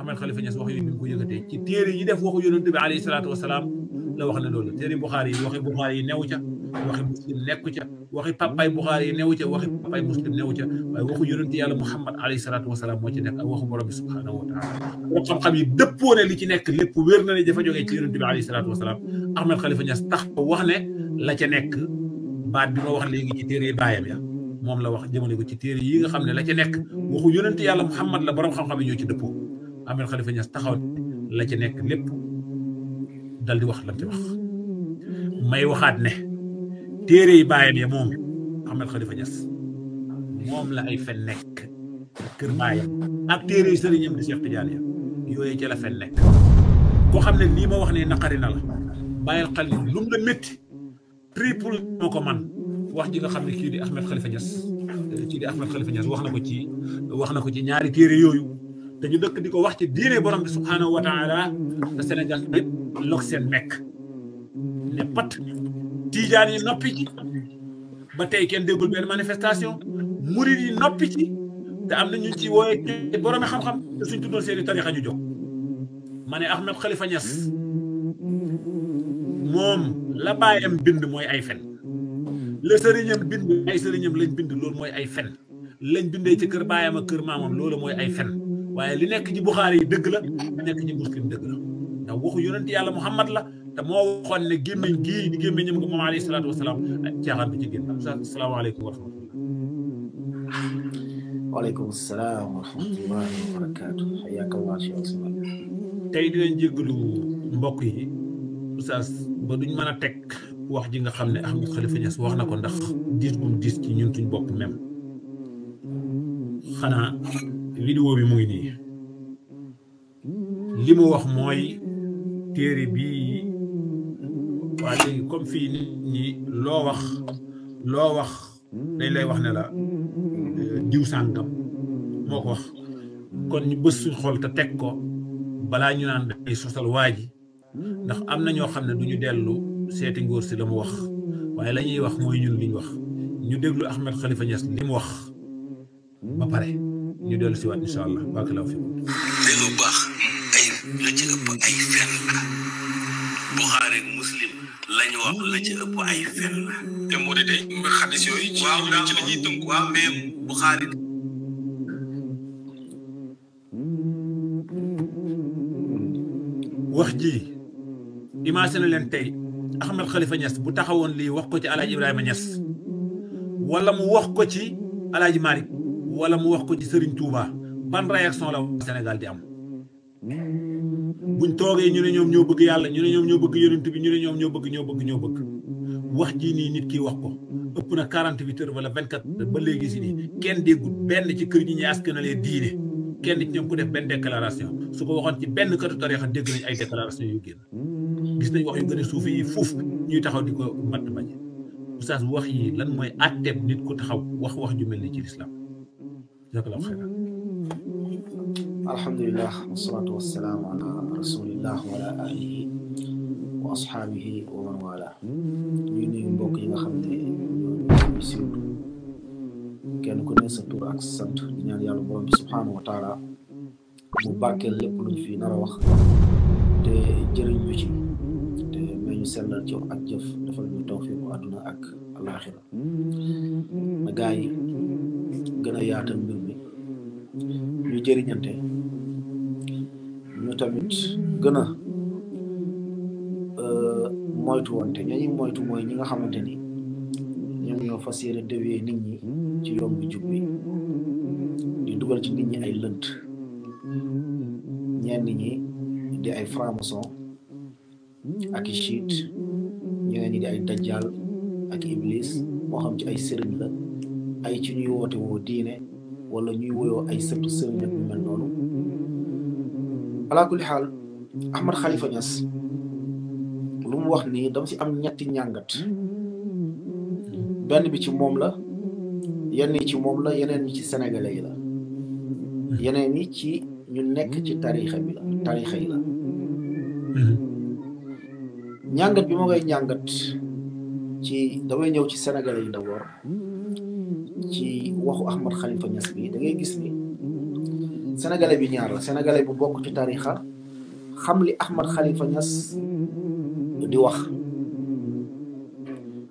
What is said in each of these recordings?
amal Khalifa ñes waxu yooyu ko yëgëte ci téré yi def waxu yoonu bi alayhi salatu wasalaam la wax na loolu téré bukhari waxe bukhari Buxaari yi newu ca waxi muslim nekku ca waxe papay bukhari yi newu ca waxi papay muslim newu ca way waxu yonent yàlla Muhammad alayhi salatu wasalaam mo ci nekk waxu borom subhanahu wa taala borom xam-xam yi deppone li ci nekk lépp wér na ni dafa joge ci yoonu bi alayhi salatu wasalaam amal Khalifa ñes tax wax ne la ca nekk baat bi ma wax legi ci téré bayam ya mom la wax jëmele ko ci téré yi nga xam ne la ca nekk waxu yonent yàlla Muhammad la borom xam-xam yi ñoo ci dëppoo amir Khalifa Niass taxaw la ci nekk lépp dal di wax lam ci wax may waxaat ne téere yi bàyyam ya moom amir Khalifa Niass moom la ay fen nekk kër baayam ak téere yi sëriñam di Cheikh Tidiane ya yooyu ca la fen nekk ko xam ne lii ma wax ne naqari la bàyyil xel lu mu la métti triple moo ko man wax ji nga xam ne kii di Ahmed Khalifa Niass kii di Ahmed Khalifa Niass wax na ko ci wax na ko ci ñaari téere yooyu dañu dëkk di ko wax ci diine borom bi subhaanahu wa taala te Sénégal yëpp log seen mekk ne pat tiijaan yi noppi ci ba tey kenn déggul benn manifestation murid yi noppi ci te am na ñu ci wooye boromi xam-xam te suñ tuddoon seen i tarixa ñu jóg ma Ahmed Khalifa Niass moom la bàyyam bind mooy ay fen la sëriñam bind ay sëriñam lañ bind loolu mooy ay fen lañ bindee ci kër bàyyam ak kër maamam loolu mooy ay fen waaye li nekk ci Buxaari yi dëgg la li nekk ci Muslim dëgg la ndax waxu yonent yàlla Muhammad la te moo waxoon ne gémmiñ gii di gémmiñ ñam ko moom alayhi salaatu wasalaam ak caaxaan bi ci génn asalaamaaleykum wa rahmatullah mbokk yi oustaz ba duñ mën a teg wax ji nga xam ne Ahmed Khalifa Niass wax na ko ndax diis bu diis ci ñun suñ bopp même xanaa vidéo bi muy ngi nii li mu wax mooy téere bii waa comme fii nit loo wax loo wax dañ lay wax ne la euh, diw sàngam moo ko wax kon ñu bës suñ xool te teg ko balaa ñu naan dañuy sosal waa ji ndax am na ñoo xam ne du ñu dellu seeti ngóor si la mu wax waaye lañuy wax mooy ñun liñ wax ñu déglu Ahmed Khalifa Niass li mu wax ba pare ñu dellu si allah baax la fi te lu baax ay la ëpp ay fen la Muslim lañ wax la ëpp ay fen te moo di day xadis yooyu ci la ñuy tënk Buxaari wax ji imagine leen tey Ahmed Khalifa Niass bu taxawoon lii wax ko ci Alaaji Ibrahima Niass wala mu wax ko ci Alaaji Malick wala mu wax ko ci Serigne Touba ban réaction la Sénégal di am buñ toogee ñu ne ñoom ñoo bëgg yàlla ñu ne ñoom ñoo bëgg yonent bi ñu ne ñoom ñoo bëgg ñoo bëgg ñoo bëgg wax jii nii nit ki wax ko ëpp na quarante huit heures wala vingt quatre ba léegi si nii kenn déggul benn ci kër ñi ñuy askanalee diine kenn ci ñoom ku def benn déclaration su ko waxoon ci benn katu tarixa dégg nañ ay déclaration yu génn gis nañ wax yu gën a suufe yi fuuf ñuy taxaw di ko matt bañ oustaz yi lan mooy àtteeb nit ku taxaw wax wax ju mel ni ci lislaam جزاك الله خير الحمد لله والصلاة والسلام على رسول الله وعلى آله وأصحابه ومن والاه يوني بوكي خمدي كان كنا سطور أكس سنت دينار يالو بروم سبحانه وتعالى مبارك اللي قلن في نرى وقت دي جرين يوشي دي مين سلر جو أجف نفل نتوفيق وعدنا أك الآخرة مقاي gën a yaatal mbir jëriñante ñu tamit gën euh, moytu wante ñañuy moytu mooy ñi nga xamante ni ñoom ñoo fas yéene déwee nit ñi ci yoon bu di dugal ci nit ñi ay lënt ñenn di ay franc ak i chiite di ay dajjal ak iblis moo xam ci ay sëriñ la ay ci ñuy woote diine walla ñuy woyoo ay sëtu sëriñ ak mel noonu alaa xaal Ahmad Khalifa Niass lu mu wax nii dama ci am ñetti ñàngat benn bi ci moom la yenn yi la yeneen yi ci sénégalais yi la ci ñu nekk ci tarixa yi la ñàngat bi ma koy ñàngat ci damay ñëw ci sénégalais yi d'abord ci waxu Ahmad Khalifa Niass bi da ngay gis ni sénégalais bi ñaar la sénégalais bu bokk ci tariixa xam li Ahmad Khalifa Niass di wax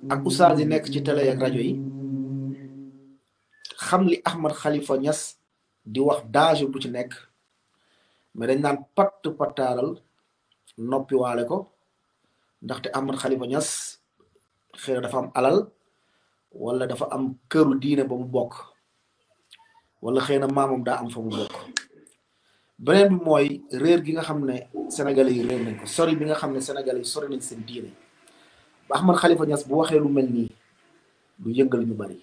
ak oustaz yi nekk ci télé ak rajo yi xam li Ahmad Khalifa Niass di wax daaje bu ci nekk mais dañ naan patt pattaaral noppi waale ko ndaxte Ahmad Khalifa Niass xëy dafa am alal walla dafa am këru diine ba mu bokk wala xëy na maamam daa am fa mu bokk beneen bi mooy réer gi nga xam ne sénégalais yi réer nañ sori bi nga xam ne sénégalais yi sori nañ seen diine ba Ahmed xalifa Niass bu waxee lu mel nii lu yëngal ñu bari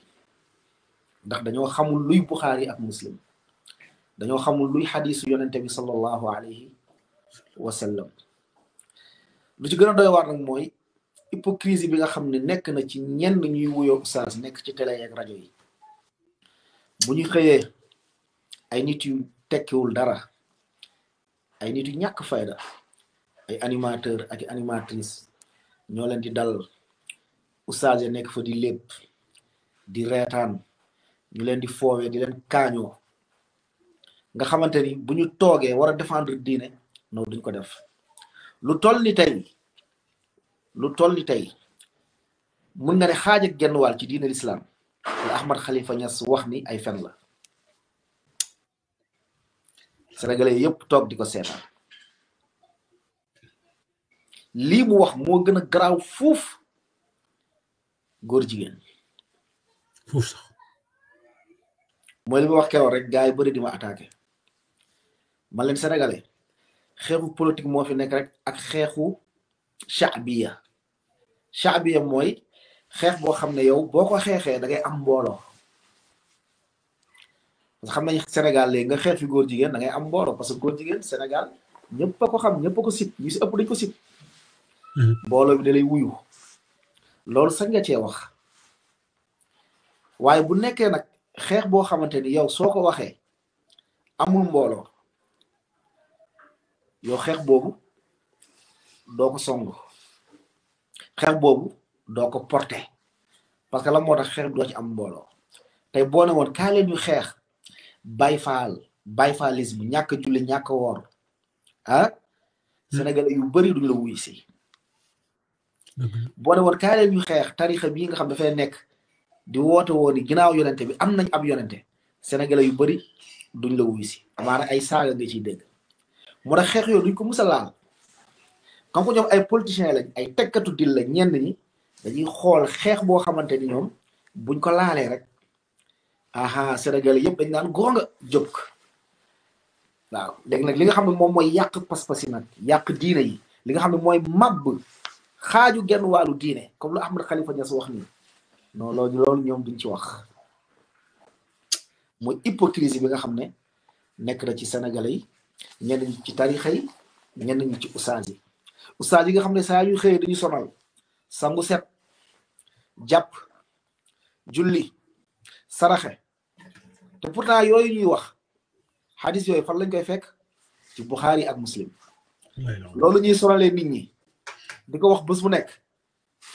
ndax dañoo xamul luy Buxaari ak muslim dañoo xamul luy xadiisu yonente bi sallallahu alayhi wa sallam lu ci gën doy waar nag mooy hypocrisie bi nga xam ne nekk na ci ñenn ñuy wuyoo oustaz nekk ci télé yeeg rajo yi bu ñu xëyee ay nit yu tekkiwul dara ay nit yu ñàkk fayda ay animateur ak animatrice ñoo leen di dal oustaz ya nekk fa di lépp di reetaan ñu leen di foowee di leen kaañoo nga xamante ni bu ñu toogee war a défendre diine non duñ ko def lu toll ni tey lu toll ni tey mun nga ne xaaj ak genn wàll ci diine lislaam la Ahmad Khalifa Niass wax ni ay fen la sénégalais yépp toog di ko seetaan lii mu wax moo gën a garaaw fuuf góor jigéen fuuf sax mooy li wax keroog rek gars yi bëri di ma attaqué man leen sénégalais xeexu politique moo fi nekk rek ak xeexu shaabiya shaabiya mooy xeex boo xam ne yow boo ko xeexee da ngay am mbooloo xam nañ Sénégal léegi nga xeex góor jigéen da am mbooloo parce que góor jigéen Sénégal ñëpp ko xam ñëpp a ko sib ñu ëpp dañ ko sib mm-hmm. mbooloo bi da lay wuyu loolu sax nga cee wax waaye bu nekkee nag xeex boo xamante ni yow soo ko waxee amul mbooloo yow xeex boobu doo ko songu xeex boobu doo ko porté parce que la moo tax xeex bi doo am mbooloo tey boo ne woon kaa leen ñu xeex bay faal bay faalisme ñàkk a julli ñàkk a woor ah hmm. sénégalais yu bari duñ la wuy si boo ne woon kaa leen ñu xeex tarixa bii nga xam dafay nekk di woote woo ni ginnaaw yonente bi am nañ ab yonente sénégalais yu bari duñ la wuy si amaana ay saaga nga ciy dégg moo tax xeex yooyu duñ ko musa comme que ñoom ay politiciens lañ ay tekkatu dil la ñenn ñi dañuy xool xeex boo xamante ni ñoom buñ ko laalee rek aha sénégal yépp dañ naan góor nga jóg waaw léegi nag li nga xam ne moom mooy yàq pas-pas yi nag yàq diine yi li nga xam ne mooy màbb xaaju genn walu diine comme lu ahmad khalifa ñas wax ni non loolu loolu ñoom duñ ci wax mooy hypocrisie bi nga xam ne nekk na ci sénégalais yi ñenn ñi ci tarixa yi ñenn ñi ci usaas yi oustaz yi nga xam ne saa yu xëyee dañu sonal sangu set japp julli saraxé te pourtant yoy ñuy wax hadith yoy fan lañ koy fekk ci bukhari ak muslim lolu ñuy sonalé nit ñi diko wax bés bu nekk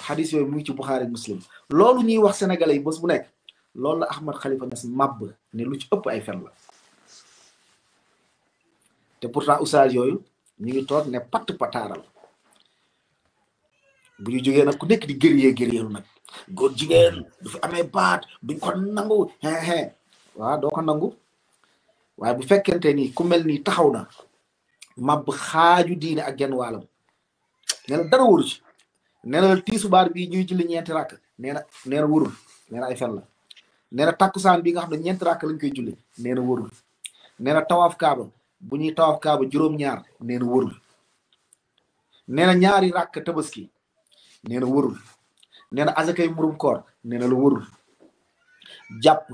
hadith yoy mu ci bukhari ak muslim lolu ñuy wax sénégalais yi bu nekk lolu ahmad khalifa nas mab ne lu ci ëpp ay fen la te pourtant oustaz yoy ñi ngi toog ne pat pataral. bu ñu jógee nag ku nekk di gërëyee gërëyeelu nag góor jigéen du fi amee baat duñ ko nangu hee hee doo ko nangu waaye bu fekkente ni ku mel ni taxaw na mab xaaju diine ak genn waalam nee na dara wóoru ci nee na tiisubaar bii ñuy julli ñeenti rakk nee na nee na wóorul ay fen la nee na takkusaan bi nga xam ne ñeenti rakk lañ koy julli nee na wóorul na tawaaf kaaba bu ñuy tawaaf kaaba juróom-ñaar nee na wóorul na ñaari rakk tabaski nee na warul azakay murum koor nee na la warul jàpp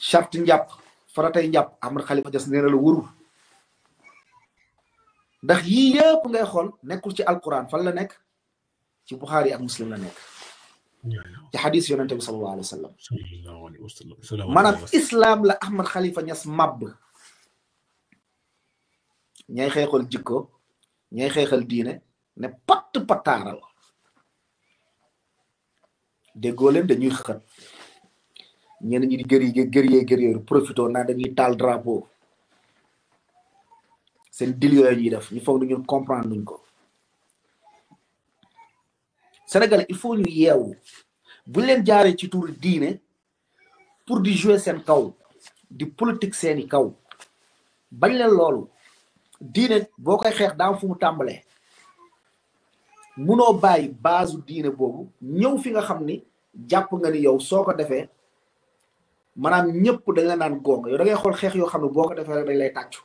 charte njàpp faratay njàpp amar xalifa des nee na la ndax yii yëpp ngay xool nekkul ci alquran fan la nekk ci buxaari ak muslim la nekk ci xadis yonente bi sallallahu alayhi wasallam islam la ahmad khalifa ñas mab ñay xexal jikko ñay xexal diine ne patt pattaaral déggoo leen dañuy xat ñenn ñi di gërë gërë gërë profito naa dañuy taal drapeau seen dil yooyu ñuy def ñu foog ne ñun comprendre nuñ ko. Sénégal il faut ñu yeewu buñ leen jaaree ci tur diine pour di jouer seen kaw di politique seeni kaw bañ leen loolu diine boo koy xeex daa am fu mu tàmbalee. munoo bàyyi baasu diine boobu ñëw fi nga xam ni jàpp nga ni yow soo ko defee maanaam ñëpp dañ la naan gonga yow da xool xeex yoo xam ne boo ko defee rek dañ lay tàccu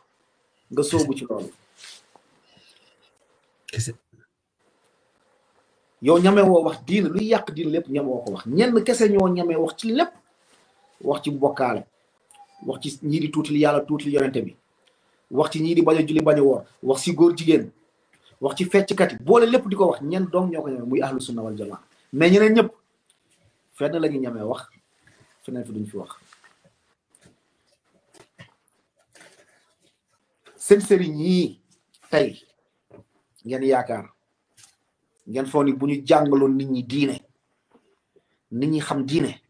nga sóobu ci loolu. yow ñame woo wax diine luy yàq diine lépp ñame ko wax ñenn kese ñoo ñame wax ci lépp wax ci bokkaale wax ci ñii di tuutil yàlla tuutil yonente bi wax ci ñii di bañ a julli bañ a wax si góor jigéen wax ci fecc kat boole lépp di wax ñen dong ñoko ko muy ahlus sunna wal jamaa mais ñeneen ñep fenn lañu ñame wax feneen fi duñ fi wax seen sëriñ yi tay ngeen yaakaar ngeen foo ni bu ñu nit ñi diine nit ñi xam diine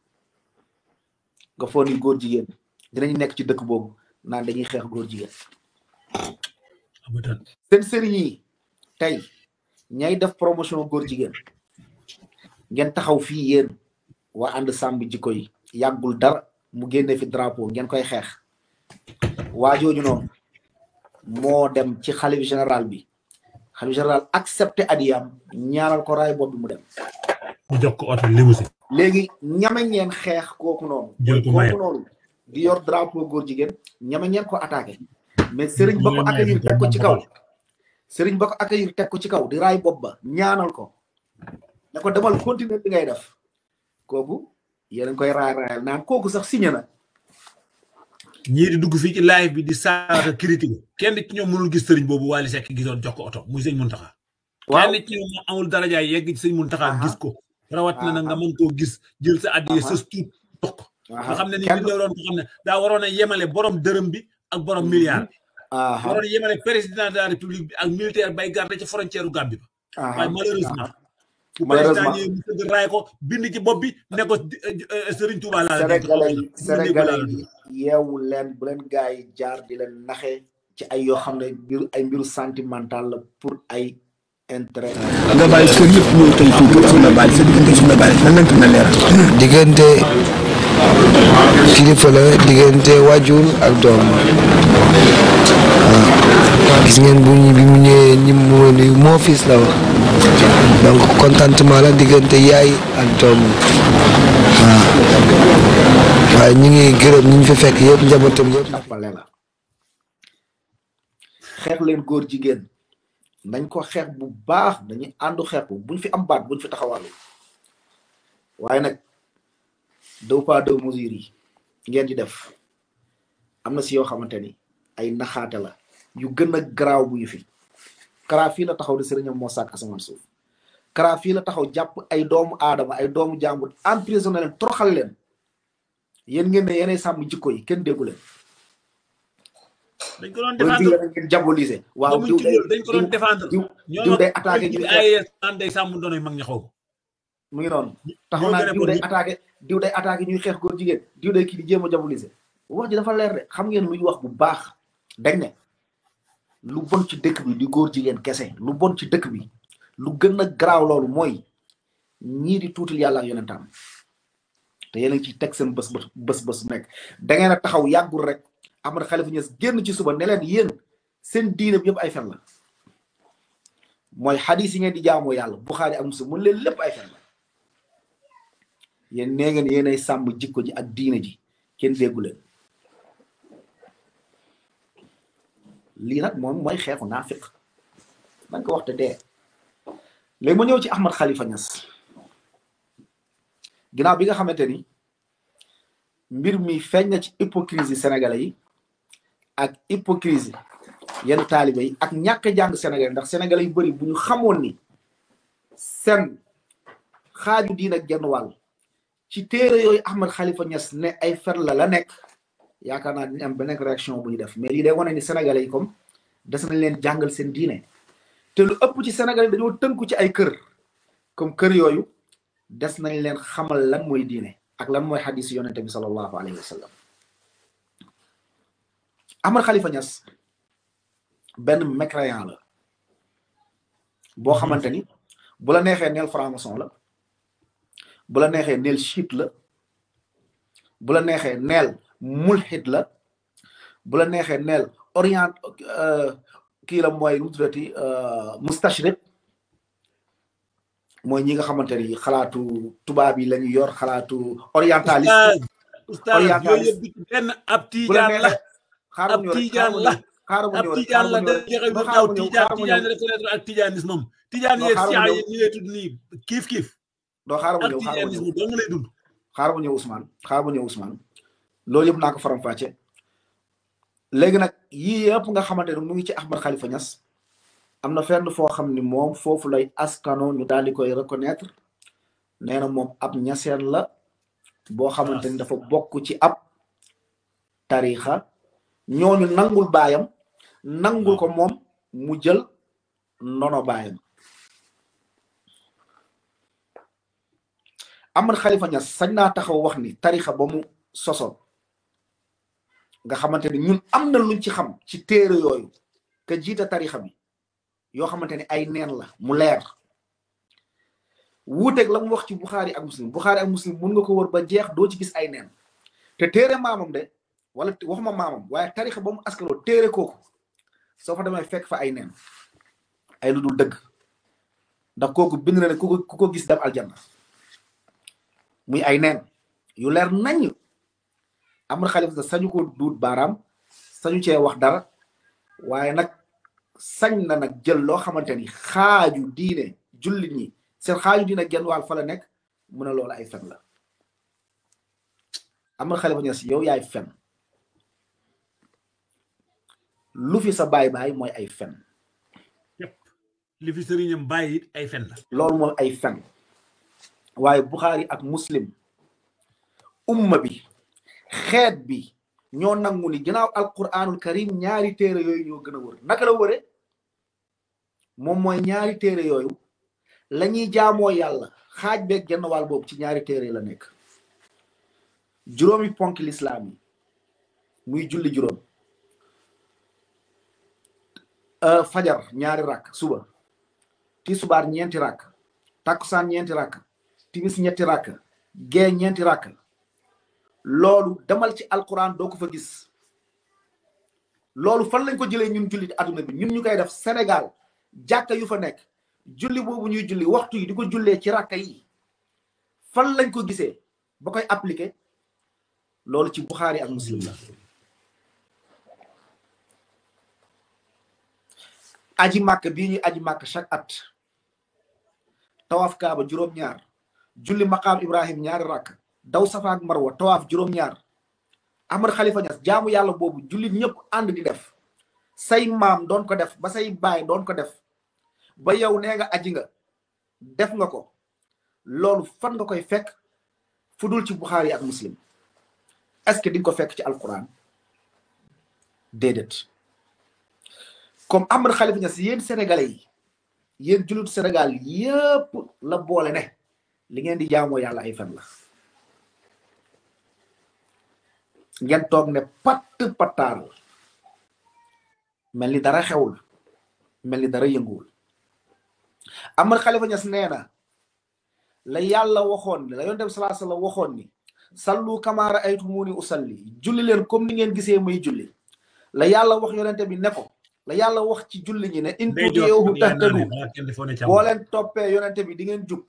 nga foo ni góor dinañ nekk ci dëkk boobu naan dañuy xeex góor jigéen seen sëriñ yi tey ñay def promotion góor jigéen ngeen taxaw fii yéen waa ànd sàmm jikko yi yàggul dara mu génne fi drapeau ngeen koy xeex waa jooju noonu moo dem ci xalif général bi xalif général accepté adiyam ñaanal ko raay bopp bi mu dem. mu jox ko oto léegi ñame ngeen xeex kooku noonu. jël ko kooku noonu yor drapeau góor jigéen ñame ngeen ko attaqué. mais sëriñ ba ko accueillir teg ko ci kaw. sëriñ ba ko accueillir teg ko ci kaw di raay bopp ba ñaanal ko ne ko demal continuer li ngay def kooku yéen a koy raay raayal naan kooku sax signé na. ñii di dugg fii ci live bi di saaga critique kenn ci ñoom mënul gis sëriñ boobu Wally Seck gisoon jox ko oto muy sëñ Mountakha. waaw kenn ci ñoom moo amul daraja yegg ci sëñ Mountakha gis ko. rawat na na nga koo gis jël sa addiye sa tuut jox ko. xam ne ni li nga waroon nga xam ne daa waroon a yemale boroom dërëm bi ak boroom mhm. milliard bi. mu doon yemale président de bi ak militaire ba. waaye malheureusement. malheureusement président bind ci bopp bi ne ko eh, eh, Serigne Touba yi yeewu leen bu leen gars jaar di leen naxe ci ay yoo xam ne mbiru ay mbiru sentimental la pour ay. intérêt. nga bàyyi kër yëpp diggante Soxna la diggante waajur ak doom. gis ngeen bu ñu bi mu ñëwee ñi mu nuyu moo fiis la wax donc contentement la diggante yaay ak doom waaw waaye ñu ngi gërëm ñu fi fekk yëpp njabootam yëpp jàppale la xeex leen góor jigéen nañ ko xeex bu baax dañu àndu xeex bu buñ fi am baat buñ fi taxawaalu waaye nag deux pas deux mesures yi ngeen di def am na si yoo xamante ni ay naxaate la yu gën a garaaw bu ñu fi Kara fii la taxaw de sëriñam moo sàkk asamaan suuf Kara fii la taxaw jàpp ay doomu aadama ay doomu jàmbur emprisonné leen xal leen yéen ngeen ne yéenay sàmm jikko yi kenn déggu leen. dañ ko doon défendre loolu waaw diw dañ ko doon défendre. diw diw day attaqué ñu naan day sàmm ña xaw mu ngi noonu taxaw naa diw day attaqué diw day attaqué ñuy jigéen diw day kii di wax ji dafa leer de xam ngeen lu wax bu baax dañ ne lu bon ci dëkk bi di góor jigéen kese lu bon ci dëkk bi lu gën a garaaw loolu mooy ñii di tuutil yàlla ak yonentaam te yéen a teg seen bës bës bës nekk da a taxaw yàggul rek Ahmed Khalifa Niass génn ci suba ne leen seen diine bi yëpp ay fen la mooy xadis yi ngeen di jaamoo yàlla Buxaari ak Muslim mun leen lépp ay fen la yéen nee ngeen yéenay sàmm jikko ji ak diine ji kenn déggu leen lii nag moom mooy xeexu naafiq nañ ko wax te dee léegi ma ñëw ci Ahmad Khalifa Niass ginnaaw bi nga xamante ni mbir mi feeñ na ci hypocrisie sénégalais yi ak hypocrisie yenn taalibe yi ak ñàkk jàng sénégalais ndax sénégalais yu bëri bu ñu xamoon ni seen xaaju diin ak genn wàll ci téere yooyu Ahmad xalifa Niass ne ay fer la la nekk yaakaar naa dinañ am beneen réaction bu ñu def mais lii day wane ni sénégalais yi comme des nañ leen jàngal seen diine te lu ëpp ci sénégalais dañoo tënku ci ay kër comme kër yooyu des nañ leen xamal lan mooy diine ak lan mooy xadis yonente bi sallallahu alayhi wa sallam Ahmed Khalifa Niass benn mécréant la boo xamante ni bu la neexee neel franc-maçon la bu neexee neel chiite la bu neexee neel mulxit la bu la neexee neel orient euh, kii la mooy lu mu tuddati euh, mustashrik mooy ñi nga xamante ni xalaatu tubaab yi la yor xalaatu orientaliste orientaliste benn ab tiijaan la ab tiijaan la ab si ay ñi lay tudd nii kiif kiif doo xaaral ma ñëw xaaral ma ñëw doo loolu yëpp naa ko faram-fàcce léegi nag yii yëpp nga xamante ne mu ngi ci Ahmed Khalifa Niass am na fenn foo xam ni moom foofu lay askano ñu daal di koy reconnaître nee na moom ab ñaseen la boo xamante ni dafa bokk ci ab tarixa ñooñu nangul baayam nangul ko moom mu jël nono baayam Ahmed Khalifa Niass sañ naa taxaw wax ni tarixa ba mu soso nga xamante ne ñun am na luñ ci xam ci téere yooyu ka jiita tarixa bi yoo xamante ne ay neen la mu leer wuuteeg la mu wax ci buxaari ak muslim buxaari ak muslim mun nga ko wër ba jeex doo ci gis ay neen te téere maamam de wala waxuma maamam waaye tarixa ba mu askaloo téere kooku soo fa demee fekk fa ay neen ay lu dul dëgg ndax kooku bind na ko gis dem aljanna muy ay neen yu leer nañ Amar Khalifa sañu ko duut baaraam sañu cee wax dara waaye nag sañ na nag jël loo xamante ni xaaju diine julli ñi seen xaaju diine genn wàll fa la nekk mu ne lool ay fen la am Amar Khalifa Niass yow yaay fen lu fi sa baay baay mooy ay fen li fi sëriñam bàyyi it ay fen la loolu moom ay fen waaye Bukhari ak muslim umma bi xeet bi ñoo nangu ni ginnaaw alquranul karim ñaari téere yooyu ñoo gën a wër naka la wëre moom mooy ñaari téere yooyu la ñuy jaamoo yàlla xaaj beeg genn wàll boobu ci ñaari téere la nekk juróomi ponk lislaam yi muy julli juróom euh, fajar ñaari rakk suba tisbaar ñeenti rakk takkusaan ñeenti rakk timis ñetti rakk gee ñeenti rakk loolu demal ci alquran doo ko fa gis loolu fan lañ ko jëlee ñun jullit adduna bi ñun ñu koy def Sénégal jàkka yu fa nekk julli boobu ñuy julli waxtu yi di ko jullee ci rakka yi fan lañ ko gisee ba koy appliqué loolu ci Buxaari ak Muslim la aji màkk bii ñuy aji màkk chaque at tawaaf kaaba juróom-ñaar julli maqaam Ibrahim ñaari rakk daw safa ak marwa tawaaf juróom-ñaar Ahmad Khalifa Niass jaamu yàlla boobu jullit ñëpp ànd di def say maam doon ko def ba say baay doon ko def ba yow nee nga aji nga def nga ko loolu fan nga koy fekk fudul dul ci Buxaari ak Muslim est-ce que di ko fekk ci alquran déedéet comme Ahmad Khalifa Niass yéen sénégalais yi yéen jullit Sénégal yépp la boole ne li ngeen di jaamoo yàlla ay fen la ngeen toog ne patt pattaar mel ni dara xewul mel ni dara yënguwul Ahmed Khalifa Niass nee na la yàlla waxoon ni la yoon dem salaa sala waxoon ni sallu kamaa ra'aytumuuni usalli julli leen comme ni ngeen gisee may julli la yàlla wax yonente bi ne ko la yàlla wax ci julli ñi ne in tutii'uuhu tahtadu boo leen toppee yonente bi di ngeen jub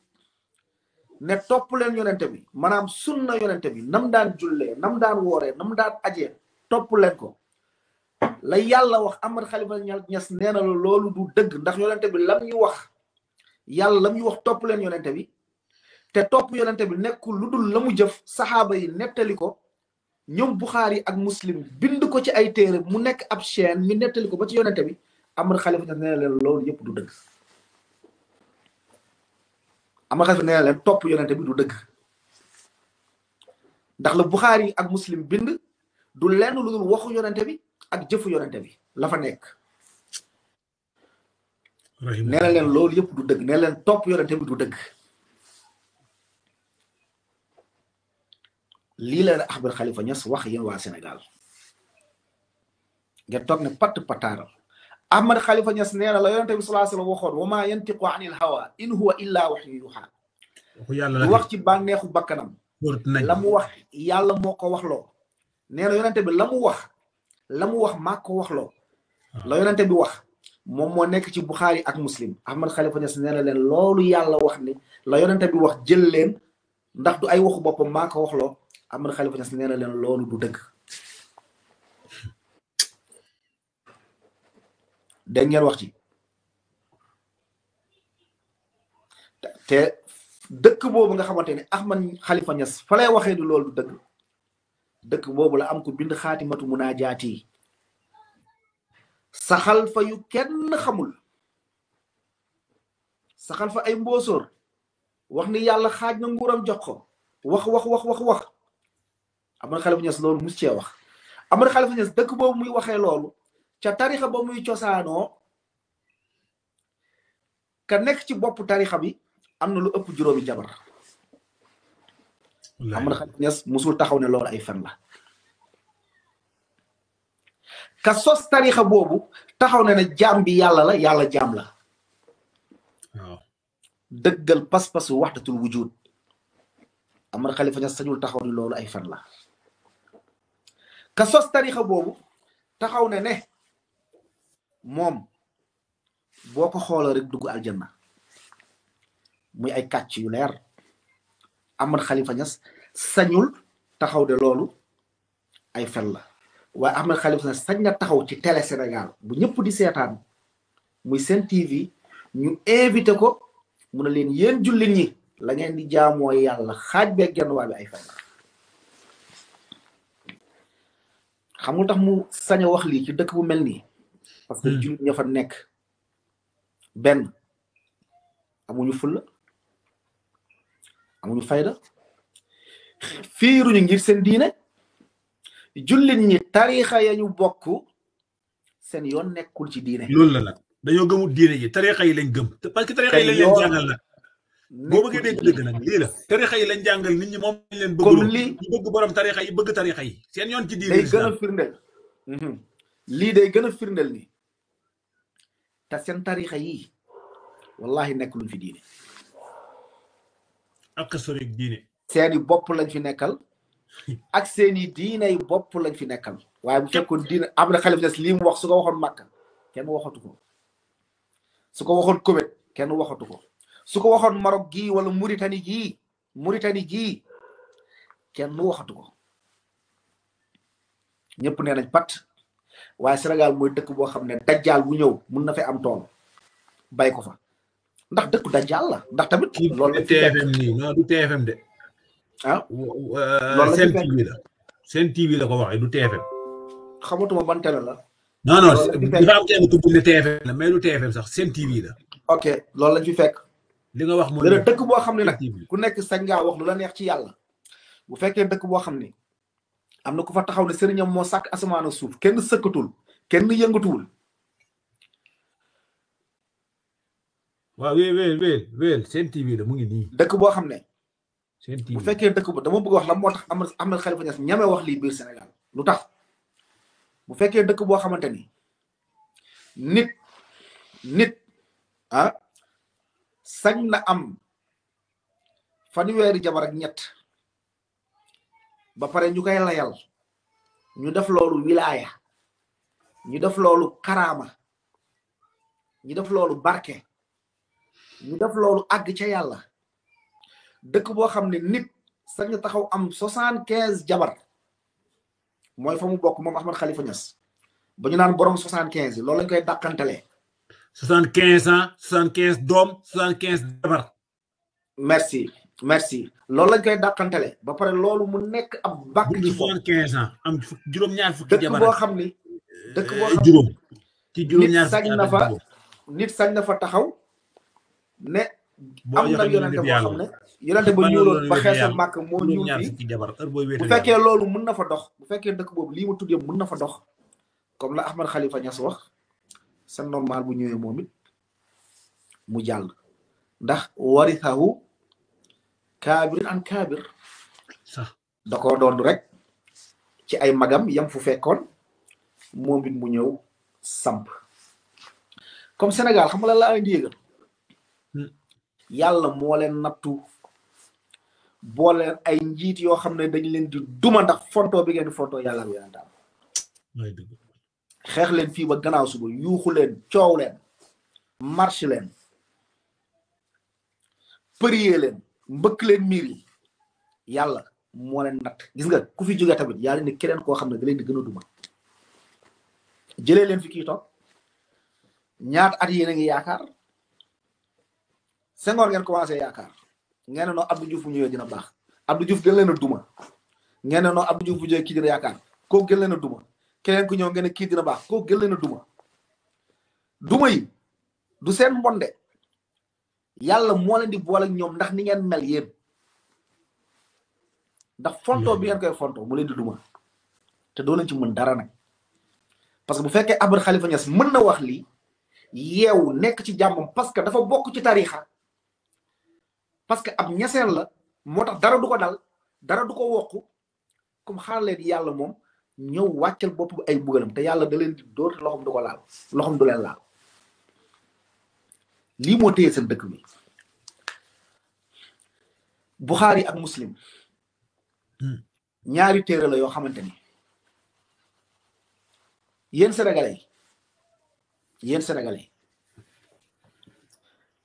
ne topp leen yonente bi maanaam sunna yonente bi nam daan jullee nam daan wooree nam daan aje topp leen ko la yàlla wax Ahmed Khalifa ñas nee na loolu du dëgg ndax yonente bi lam ñu wax yàlla lam ñu wax topp leen yonente bi te topp yonente bi nekkul lu dul la mu jëf saxaaba yi nettali ko ñoom Buxaari ak muslim bind ko ci ay téere mu nekk ab chaîne mu nettali ko ba ci yonente bi Ahmed Khalifa Niass nee na leen loolu yëpp du dëgg ama xas nee leen topp yonente bi du dëgg ndax la Buxaari ak muslim bind du lenn lu dul waxu yonente bi ak jëfu yonente bi la nekk nee leen loolu yëpp du dëgg nee leen topp yonente bi du dëgg lii la Ahmed Khalifa Niass wax yéen waa Sénégal ngeen toog ne patt pataaral Ahmad Khalifa Niass nee na la yonente bi sallallahu alayhi wa sallam waxoon wa maa yantiqu anil hawa in huwa illa waxyu yuuxa wax ci bànneexu bakkanam la mu wax yàlla moo ko wax loo nee bi la mu wax la mu wax maa ko wax loo ah. bi wax moom moo nekk ci Bukhari ak Muslim Ahmad Khalifa Niass nee na leen loolu yàlla wax ni la yonente bi wax jël leen ndax du ay waxu boppam maa ko wax loo Ahmad Khalifa Niass nee leen loolu du dëgg dégg ngeen wax ci te dëkk boobu nga xamante ne Ahmad Khalifa Niass fa lay waxee ni loolu dëkk dëkk boobu la am ko bind xaatimatu munaajaat yi saxal fa yu kenn xamul saxal fa ay mbóosóor wax ni yàlla xaaj na nguuram jox ko wax wax wax wax wax Ahmad Khalifa Niass loolu mus cee wax Ahmad Khalifa Niass dëkk boobu muy waxee loolu ca tarixa ba muy cosaanoo ka nekk ci bopp tarixa bi am na lu ëpp juróomi jabar am na xam musul taxaw ne loolu ay fan la ka sos tarixa boobu taxaw ne ne jaam bi yàlla la yàlla jaam la waaw dëggal pas-pasu waxdatul wujud amar xalifa ñas sañul taxaw ne loolu ay fen la ka sos tarixa boobu taxaw ne ne moom boo ko xooloo rek dugg aljanna muy ay kàcc yu leer Ahmed Khalifa Niass sañul taxaw de loolu ay fen la waaye Ahmed Khalifa sañ na taxaw ci télé Sénégal bu ñëpp di seetaan muy seen TV ñu invité ko mu ne leen yéen jullit ñi la ngeen di jaamoo yàlla xaaj bee genn waa ay fen la tax mu sañ a wax lii ci dëkk bu mel nii parce que hmm. jullit ña fa nekk benn amuñu fulla amuñu fayda fiiruñu ngir seen diine jullit ñi tarixa ya ñu bokk seen yoon nekkul ci diine loolu la nag dañoo gëmul diine ji tarixa yi lañ gëm parce que tarixa yi lañ leen jàngal nag boo bëggee dégg yi lañ jàngal ñi moom leen bëgg comme lii ñu bëgg borom tarixa yi bëgg tarixa yi seen yoon ci diine day gën a firndeel mhm. lii day gën a ni te seen tarixa yi wallahi nekk luñ fi diine ak soreeg seeni bopp lañ fi nekkal ak seeni diiney bopp lañ fi nekkal waaye bu fekkoon diine am na xalif des lii mu wax su ko waxoon Makka kenn waxatu ko su ko waxoon Koweït kenn waxatu ko su ko waxoon Maroc gi wala muritani gi muritani gi kenn waxatu ko ñëpp nee nañ pat waaye Sénégal mooy dëkk boo xam ne dajjaal bu ñëw mun na fi am tool bay ko fa ndax dëkku dajjaal la ndax tamit. loolu la TFM nii ñoo du TFM de. ah euh, la seen TV la seen TV la ko waxee du TFM. xamatuma ban télé la. non non dafa am kenn ku bind TFM la mais du TFM sax seen TV la. ok loolu lañ fi fekk. li nga wax moom dëkk boo xam ne nag ku nekk sañ ngaa wax lu la neex ci yàlla bu fekkee dëkk boo xam ne. amna ko fa taxaw ne serignam mo sak asamaan suuf kenn sëkkatul kenn yengatul wa wéel wéel wéel wéel sen TV la mu ngi ni dekk bo xamne sen TV bu fekke dekk bo dama bëgg wax la motax amal amal Khalifa ñass ñame wax li biir senegal lutax bu fekke dekk bo xamanteni nit nit ah sañ na am wéri jabar ak ñett ba pare ñu koy layal ñu def lolu wilaya ñu def lolu karama ñu def lolu barke ñu def lolu ag ci yalla dekk bo xamni nit sañ taxaw am 75 jabar moy famu bok mom ahmad khalifa ñass bañu naan borom 75 lolu lañ koy dakantale 75 75 dom 75 jabar merci merci loolu lañ koy dàqantale ba pare loolu mu nekk ab bàkk ci fo quinze ans am juróom ñaar fukki dëkk boo xam ni dëkk boo xam juróom ci juróom ñaar sañ na fa nit sañ na fa taxaw ne am na yonente boo xam ne yonente ba ñuuloon ba xeesal màkk moo ñuul bi bu fekkee loolu mën na fa dox bu fekkee dëkk boobu lii mu tudd mën na fa dox comme la ahmad Khalifa Niass wax sa normal bu ñëwee moom it mu jàll ndax warithahu kaabir an kaabir da koo doon rek ci ay magam yam fu fekkoon moom it mu ñëw samp comme Sénégal xam nga la laa indi yégal hmm. yàlla moo leen nattu boo ay njiit yoo xam ne dañ leen di duma ndax fonto bi ngeen di fonto yàlla ak xeex leen fii ba gannaaw suba yuuxu leen coow leen marche leen prier leen mbëkk leen miir yi yàlla moo leen natt gis nga ku fi jógee tamit yàlla ne keneen koo xam ne da leen di gën a duma jëlee leen fi kii toog ñaata at yéen a ngi yaakaar Senghor ngeen commencé yaakaar ngeen ne noo Abdou Diouf bu ñëwee dina baax Abdou Diouf gën leen a duma ngeen ne noo Abdou Diouf bu ñëwee yaakaar kooku gën leen a duma keneen ku ñëw ngeen ne kii dina baax kooku gën leen a duma duma yi du seen mbonde yalla mo len di boole ñom ndax ni ngeen mel yeen ndax fonto bi ngeen koy fonto mu len di duma te do leen ci mën dara nak parce que bu fekke Ahmed Khalifa Niass mën na wax li yew nek ci jàmmam parce que dafa bok ci tariixa parce que ab ñaseen la motax dara duko dal dara du ko comme xaar leen yàlla moom ñëw wàccal bopp ay bugalam te yalla da len di dóor loxom duko laal loxom du len laal lii moo téye seen dëkk bi Buxaari ak Muslim ñaari téere la yoo xamante ni yéen sénégalais yéen sénégalais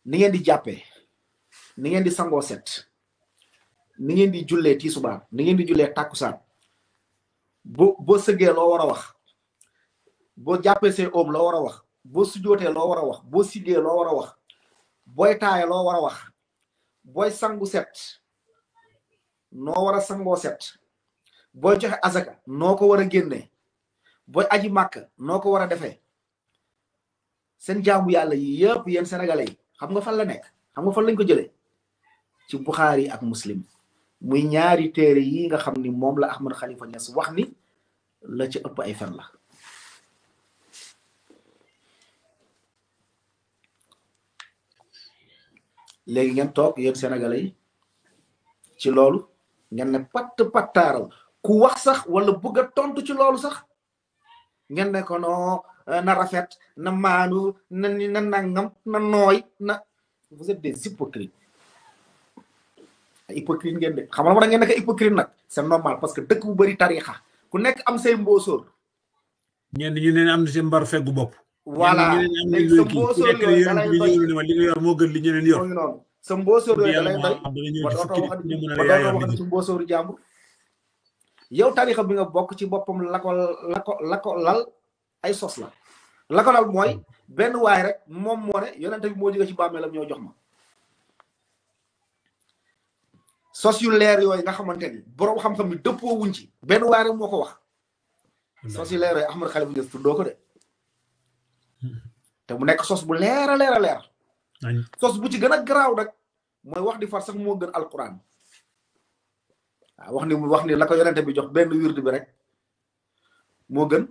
ni ngeen di jàppee ni ngeen di sangoo set ni ngeen di jullee tisbaar ni ngeen di jullee tàkkusaan bo bo sëggee loo war a wax boo jàppee say oom loo war a wax boo sujootee loo war a wax boo siggee loo war a wax booy taaya loo war a wax booy sangu set noo war a sangoo set booy joxe azaka noo ko war a génne booy aji màkk noo ko war a defee seen jaamu yàlla yi yëpp yéen sénégalais xam nga fan la nekk xam nga fan lañ ko jëlee ci buxaari ak muslim muy ñaari téere yi nga xam ni moom la Ahmed Khalifa Niass wax ni la ci ëpp ay fen la legi ngeen tok yeen sénégalais yi ci loolu ngeen ne pat pataral ku wax sax wala bëgg a tontu ci loolu sax ngeen ne ko non euh, na rafet na maanu na na nangam na nooy na vous êtes des hypocrites hypocrite ngeen de xam nga ngeen nek hypocrite nak c'est normal parce que dëkk bu bari tariixa ku nek am say mbosor ñen ñu neen am ci mbar fegu bop voilà léegi sa mboosoo yooyu da lay doy li nga moo gën li ñeneen sa mboosoo yooyu da lay doy ba dootoo wax ni ba dootoo wax ni su mboosooru jàmbur. bokk ci boppam la ko la ko la ko lal ay sos la. la lal mooy benn waay rek moom moo ne yonente bi moo jóge ci bàmmeelam ñoo jox ma. sos yu leer yooyu nga xamante ni borom xam-xam bi dëppoo wuñ ci. benn waay rek moo ko wax. sos yu leer yooyu Ahmed Khalifa Niass tuddoo ko de. té mu nek sos bu leer a leer a sos bu ci gëna graw nak moy wax di far sax mo gën alquran waaw ah, wax ni wax ni la ko yonenté bi jox benn wirdu bi rek mo gën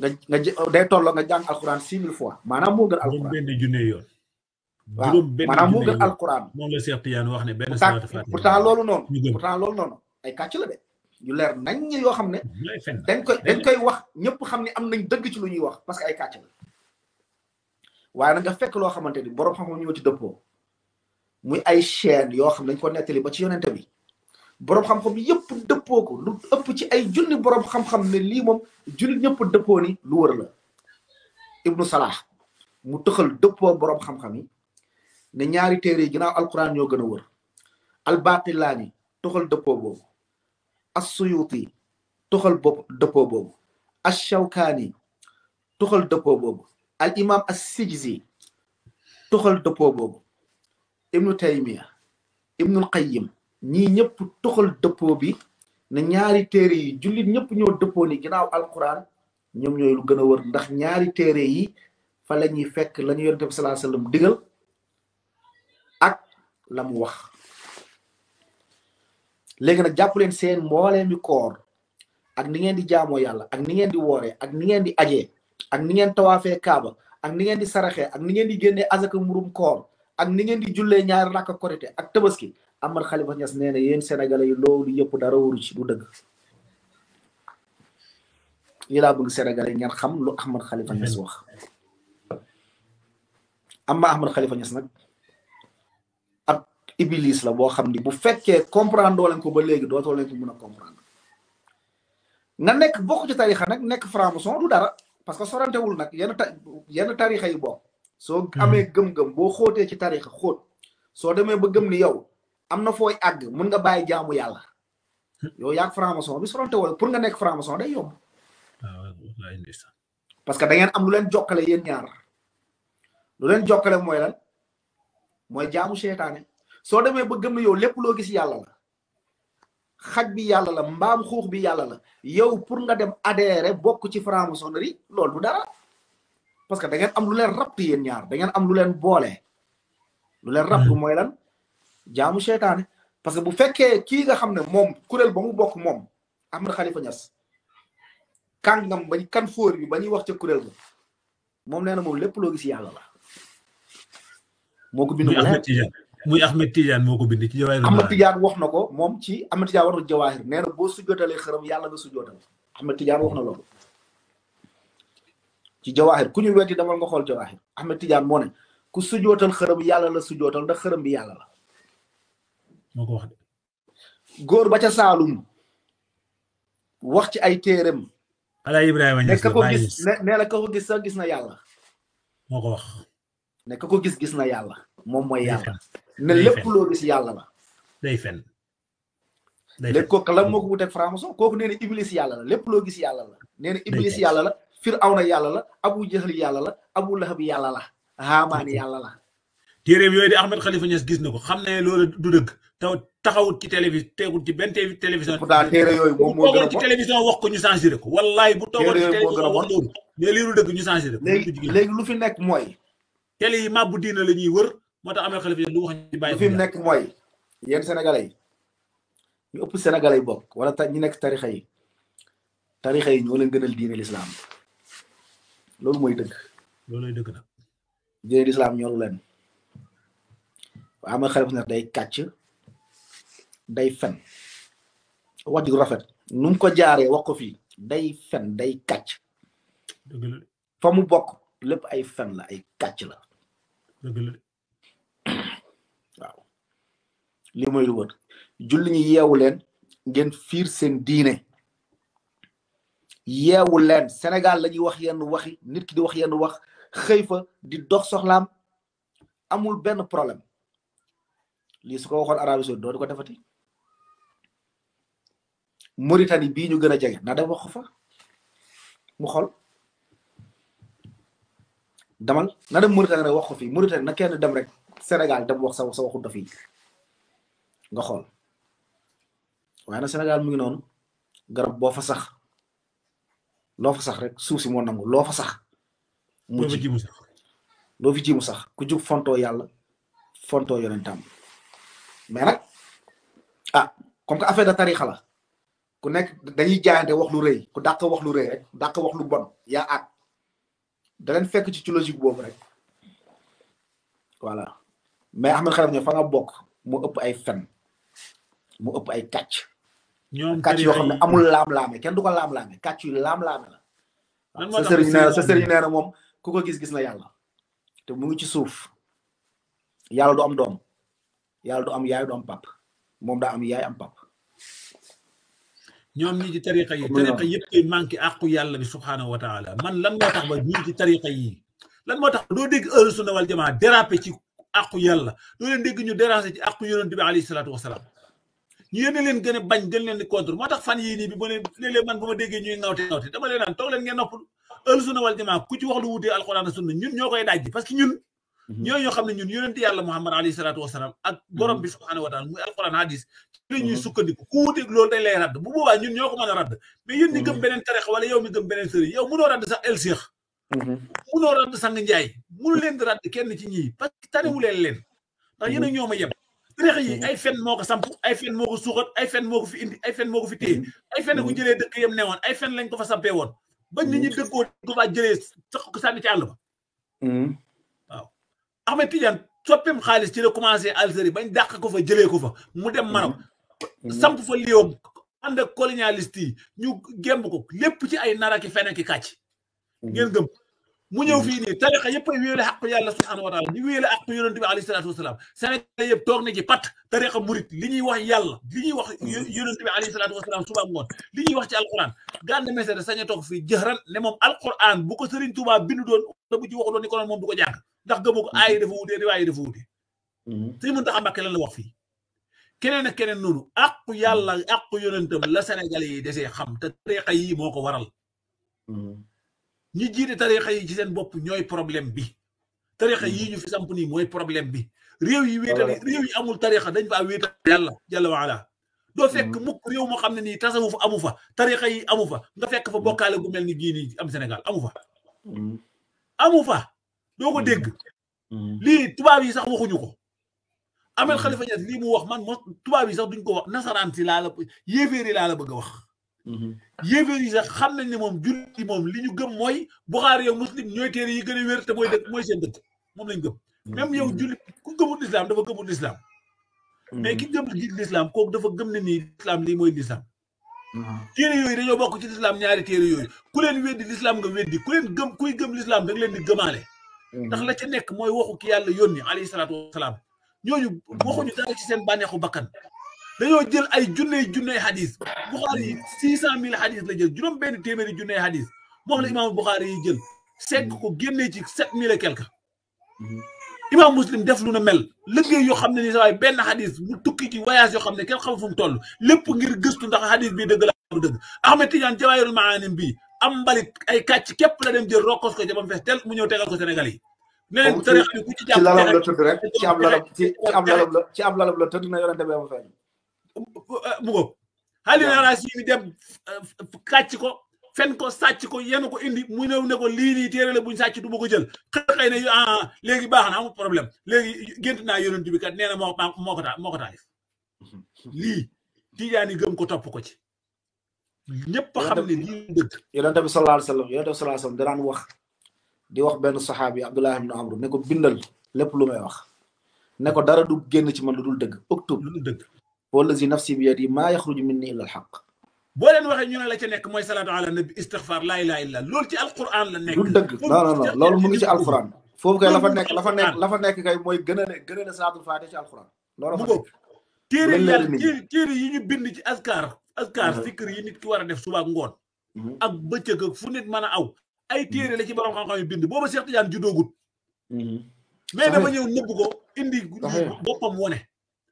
nga nga oh, day tollo nga jang alquran 6000 fois manam mo gën alquran benn junne yoon manam mo gën alquran moom la Cheikh Tidiane wax ni benn salaatu fatima pourtant lolu non pourtant lolu non ay katch la dé ñu leer nañ ñi yo xamné dañ koy dañ koy wax ñepp xamni am nañ dëgg ci lu ñuy wax parce que ay katch la waaye nag nga fekk loo xamante ni borom xam-xam ñoo ci dëppoo muy ay chaîne yoo xam dañ ko nettali ba ci yonente bi borom xam-xam yëpp dëppoo ko lu ëpp ci ay junni borom xam-xam ne lii moom jullit ñëpp dëppoo ni lu wër la ibnu salah mu tëxal dëppoo borom xam-xam yi ne ñaari téere yi ginnaaw alquran ñoo gën a wër albaqilaani toxal dëppoo boobu assuyuti toxal bopp dëppoo boobu ashawkaani toxal dëppoo boobu al imam as-sijzi toxal dëppoo boobu ibnu taymiya ibnul qayyim ñii ñëpp toxal dëppoo bi na ñaari téere yi jullit ñëpp ñoo dëppoo ni ginnaaw alquran ñoom ñooy lu gën a wër ndax ñaari téere yi fa la ñuy fekk lañu ñu yonent bi salaa sallam digal ak la mu wax léegi nag jàpp leen seen mbooleemi koor ak ni ngeen di jaamoo yàlla ak ni ngeen di wooree ak ni ngeen di ajee ak ni ngeen tawafé kaaba ak ni ngeen di saraxé ak ni ngeen di génnee azaka murum koor ak ni ngeen di jullee ñaari raka korité ak tabaski Amar Khalifa ñass néna yeen sénégalais yi loolu yëpp dara waru ci du dëgg yi bëgg sénégalais yi xam lu Ahmad Khalifa ñass wax amma Ahmad Khalifa ñass nak ab iblis la bo xamni bu fekkee comprendre doa leen ko ba do to leen ko mëna comprendre nga nek bokku ci tarixa nak nek franc-maçon du dara parce que sorantewul nag yenn ta yenn tarixa yi bokk soo hmm. amee gëm-gëm boo xóotee ci tarixa xóot soo demee ba gëm ni yow am na fooy àgg mun nga bàyyi jaamu yàlla hmm. yow yaag franc-maçon bi sorantewul pour nga nekk franc-maçon day yomb ah, parce que da ngeen am lu leen jokkale yéen ñaar lu leen jokkale mooy lan mooy jaamu seetaane soo demee ba gëm ni yow lépp loo gis yàlla la xaj bi yalla la mbam xuux bi yalla la yow pour nga dem adhérer bokk ci franc-maçonnerie lolou dara parce que da ngeen am lu leen rap yeen ñaar da ngeen am lu leen bolé lu leen rap hmm. moy lan jaamu shaytan parce que bu fekke ki nga xamne mom kurel ba mu bok mom Ahmed Khalifa Niass kàngam bañ kan foor bi ba wax ci kurel ba mom nee mom lepp lo gis yalla la moo ko muy Ahmed Tidiane moo ko bind ci jawaahir Ahmed Tidiane wax na ko moom ci Ahmed Tidiane warul jawaahir nee na boo sujjootalee xërëm yàlla nga sujjootal wax na loolu ci ku ñu weddi demal nga xool jawaahir yàlla la sujjootal da xërëm bi yàlla la moo ko wax ba ca Saalum wax ci ay téeram Alaa Ibrahima Niass nee na ka ko gis gis na yàlla moo ko wax nekk ku ko gis gis na yàlla moom mooy yàlla ne lépp loo gis yàlla la day fen léegi kooku lan moo ko wuteeg franc-maçon kooku nee na iblis yàlla la lépp loo gis yàlla la nee na yàlla la firawna yàlla la abu jahl yàlla la abu lahab yàlla la haamaan yàlla la téeréem yooyu di Ahmed Khalifa Niass gis na ko xam ne loolu du dëgg taw taxawut ci télévision teewut ci benn télévision pourtant téere yooyu moom moo gën a bon ci télévision wax ko ñu censuré ko wallaay bu toogoon ci télévision wax loolu mais lii du dëgg ñu censuré ko léegi lu fi nekk mooy télé yi bu diina la ñuy wër moo tax amee xalifa lu wax ñu bàyyi fi mu nekk mooy yéen sénégalais ñu ëpp sénégalais yi bokk wala ta ñu nekk tarixa yi tarixa yi ñoo leen gënal diine lislaam loolu mooy dëgg loolu lay dëgg nag diine lislaam ñoru leen amee xalifa nag day kàcc day fen wax ju rafet nu ko jaaree wax ko fii day fen day kàcc fa bokk lépp ay fen la ay kàcc la waaw lii mooy lu wër julli yeewu leen ngeen fiir seen diine yeewu leen Sénégal la ñuy wax yenn waxi nit ki di wax yenn wax xëy fa di dox soxlaam amul benn problème li su ko waxoon Arabie Saoudite ko defati Mauritanie bii ñu gën a jege na def wax fa mu xool demal na dem Mauritanie rek wax ko fii Mauritanie na kenn dem rek Sénégal dem wax sa sa waxu dof yi nga xool waaye nag Sénégal mu ngi noonu garab boo fa sax loo sax rek suuf si moo nangu loofa sax. mu ji loo fi ji mu sax ku jug fontoo yàlla fontoo yonentam mais nag ah comme que affaire de tarixa la ku nekk dañuy jaayante wax lu rëy ku dàq wax lu rëy rek dàq wax lu bon yaa aat. da leen fekk ci ci logique boobu rek voilà mais Ahmed Khalifa Niass fa nga bokk mu ëpp ay fen mu ëpp ay kàcc. ñoom kàcc yoo xam ne amul laam-laame kenn du ko laam-laame kàcc yu laam-laame la. lan na sa sëriñ moom ku ko gis-gis na yàlla te mu ngi ci suuf yàlla du am doom yàlla du am yaay du am pap moom daa am yaay am pap ñom ñi ci tariqa yi tariqa yëpp koy manki àqu yàlla bi subhanahu wa taala man lan mo tax ba ñi ci tariqa yi lan mo tax do dégg ahlu sunna wal jamaa dérapé ci àqu yàlla do leen dégg ñu dérapé ci àqu yonent bi ali sallatu wasallam ñu yene leen gëna bañ gën leen di contre mo tax fan yi ni bi bo leen le man buma déggé ñuy ngawte ngawte dama leen nan tok leen ngeen noppalu ahlu sunna wal jamaa ku ci wax lu wuté alcorane sunna ñun ñoo koy dajji parce que ñun ñoo ñoo xam ñun yonent yàlla muhammad alayhi salaatu wasalaam ak borom bi subhanahu wa taala muy alcorane hadith la ñuy mhm. sukkandiku ku wuteeg loolu dañ lay radd bu boobaa ñun ñoo ko mën a radd mais yéen ñi gëm mhm. beneen tarex wala yow mi gëm beneen sëriñ yow mënoo radd sax el seex mënoo mhm. radd sang njaay mënu leen di radd kenn ci ñii parce que tarewu leen leen ndax yéen ak ñoom a yem tarex yi ay fen moo ko samp ay fen moo ko suuxat ay fen moo ko fi indi ay fen moo ko fi téye ay fen ku jëlee dëkk ne newoon ay fen lañ ko fa sampee woon bañ nit ñi dëkkoo ko faa jëlee sax ko sànni ci àll ba waaw Ahmed Tidiane soppem xaalis ci la commencé Algérie bañ dàq ko fa jëlee ko fa mu dem Maroc Mm-hmm. samp fa liom ànd ak colonialiste yi ñu gemb ko lépp ci ay naraki feneen ki kàcc mm-hmm. ngeen gëm mu ñëw mm-hmm. fii nii tarixa yëpp ay wéele àqu yàlla subhanahu wa taala ñu wéele àqu yonent bi alayhi salaatu toog na ci pat tarixa murit li ñuy wax yàlla li ñuy wax yonent bi alayhi salaatu wasalaam li ñuy wax ci alquran Gana Messere sañ a toog fii jëxran ne moom alquran bu ko Serigne Touba bindu doon te bu ci waxu doon ni konoon moom du ko jàng ndax gëmu ko aay dafa wutee riwaay dafa wutee sëñ mën la wax fii كنن كنن نونو اق يالا اق يونتم لا سنغالي ديسي خام تا طريقه يي موكو وارال ني جيدي طريقه يي جي سن بوب نيوي بروبليم بي طريقه يي ني في سامب ني موي بروبليم بي ريو يي ويتال ريو يي امول طريقه دنج با ويتال يالا جل وعلا دو فك موك ريو مو خامني ني تاسو فو امو فا طريقه يي امو فا دا فك فا بوكال غو ام سنغال امو فا امو فا دوكو لي توباب يي صاح Amel Khalifa Niass li mu wax man tuba bi sax duñ ko wax nasaran ci la la yéeféeri la la bëgg wax yéeféeri sax xam nañ ni moom julli moom li ñu gëm mooy Buxaari yow muslim ñooy téere yi gën a wér te mooy dëkk mooy seen dëkk moom lañ gëm même yow julli ku gëmul lislaam dafa gëmul lislaam mais ki gëm ji lislaam kooku dafa gëm ne nii lislaam lii mooy lislaam téere yooyu dañoo bokk ci lislaam ñaari téere yooyu ku leen weddi lislaam nga weddi ku leen gëm kuy gëm lislaam da nga leen di gëmaale ndax la ca nekk mooy waxu ki yàlla yónni alayhi salaatu wasalaam ñooñu waxuñu dara ci seen bànneexu bakkan dañoo jël ay junney junney hadis Buxaari yi six cent mille hadis la jël juróom benn téeméeri junney hadis moom la imaamu Buxaari yi jël segg ko génnee ci sept mille et quelque muslim def lu na mel liggéey yoo xam ne ni sa benn hadis mu tukki ci voyage yoo xam ne kenn xam fu mu toll lépp ngir gëstu ndax hadis bii dëgg la am dëgg Ahmed Tidiane Jawaahirul Maani am mbalit ay kàcc képp la dem jël rokkos ko jabam fees tel mu ñëw tegal ko yi comme ci ci lalam la tëdd rek ci am lalam la ci am lalam la tëdd na yonente bee ma feeñ. mu ko xali na bi dem kàcc eh, ko fen ko sàcc ko yenu ko indi mu ñëw ne ko lii nii téere la buñ sàcc du ma ko jël xëy na ah léegi baax na amul problème léegi gént naa yonent bi kat nee na moo moo ko taa moo ko taalif lii tijaan yi gëm ko topp ko ci ñëpp xam ne lii dëgg yonente bi sallallahu alayhi wa sallam wa sallam danaan wax di wax ben sahabi abdullah ibn amr ne ko bindal lépp lu may wax ne ko dara du génn ci man lu dul dëgg uktub lu dul dëgg wallazi nafsi bi yadi ma yakhruju minni illa alhaq bo len waxe ñu ne la ci nek moy salatu ala nabi istighfar la ilaha illa lool ci alquran la nek du deug non non non lool mu ngi ci alquran fofu kay la fa nek la fa nek la fa nek kay moy geuna ne geuna ne salatu fatih ci alquran lool fa nekk téere yi yi ñu bind ci askar askar fikr yi nit ki wara def suba ngon ak beccëk ak fu nit mëna aw ay téere la ci borom xam-xam yi bind booba Cheikh Tidiane juddoogut mhm. mais dafa ñëw nëbb ko indi boppam wone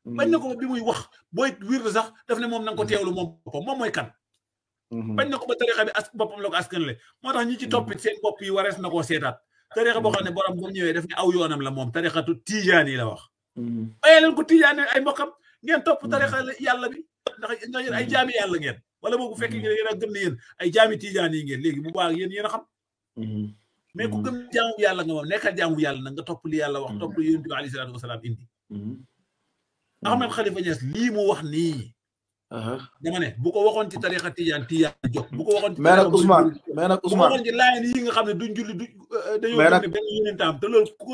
mhm. bañ na ko bi muy wax booy wir sax daf ne moom na nga ko mhm. teewlu moom moom mooy kan bañ na ba as boppam moo tax ñi ci toppit seen bopp yi warees na koo seetaat tarixa boo xam ne borom moom ñëwee daf ne aw yoonam la moom tarixatu tijaan yi la wax bayee leen ko tijaan ay mbokkam ngeen topp tarixa yàlla bi ndax ndax yéen jaami yàlla ngeen wala boobu fekk ngeen yéen a gëm ne ay jaami tijaan yi ngeen léegi bu baax yéen yéen a xam Mm-hmm. mais ku mm-hmm. gëm jaamu yàlla nga moom nekkal jaamu yàlla na nga topp li yàlla wax topp li mm-hmm. yonent bi alayhi salaatu wasalaam indi. Ahmed Khalifa Niass lii mu wax nii. Uh-huh. dama ne bu ko waxoon ci tariqa tijaan tijaan jóg bu ko waxoon ci mais nag Ousmane mais nag Ousmane xam ne duñ julli duñ euh, euh, dañoo gëm ne benn yonentaam te loolu ku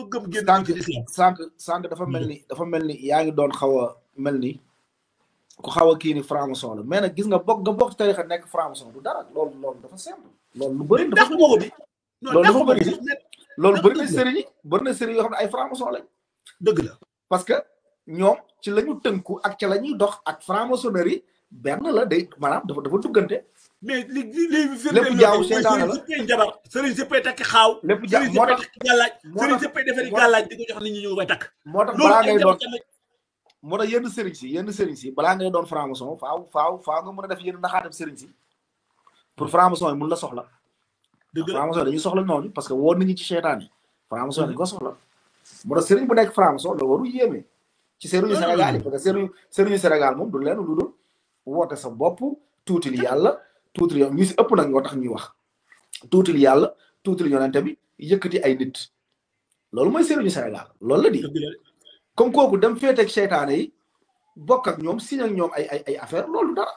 sànq dafa mel ni dafa mel ni yaa ngi doon xaw a mel ni ku xaw a kii ni franc-maçon la nag gis nga bokk nga bokk ci nekk franc-maçon du dara loolu loolu dafa simple loolu lu bëri dafa ko bi loolu dafa bëri loolu bëri na sëriñ yi na sëriñ yoo xam ne ay franc-maçon lañ dëgg la parce que ñoom ci la ñu tënku ak ci la ñuy dox ak franc-maçonnerie benn la day maanaam dafa dafa duggante mais li li lépp jaaw seetaan la lépp jabar sëriñ sëppay takk xaaw lépp jaaw moo tax gàllaaj sëriñ sëppay defari gàllaaj di ko jox nit ñi ñu koy takk moo tax balaa ngay doon moo tax yenn sëriñ si yenn sëriñ si balaa ngay doon franc-maçon faaw faaw faaw nga mën a def yenn naxaatam sëriñ si pour franc-maçon yi mun la soxla dëgg la franc-maçon dañuy soxla ñooñu parce que woo nañu ci seetaan yi franc-maçon dañ ko soxla moo tax sëriñ bu nekk franc-maçon la waru yéeme ci sëriñu Sénégal yi parce que sëriñu sëriñu Sénégal moom du leen lu dul woote sa bopp tuuti li yàlla tuuti li ëpp nag ñoo tax ñuy wax tuuti li yàlla tuuti li bi yëkkati ay nit loolu mooy sëriñu Sénégal loolu la di comme kooku dem féeteeg seytaane yi bokk ñoom signé ak ñoom ay ay ay affaire loolu dara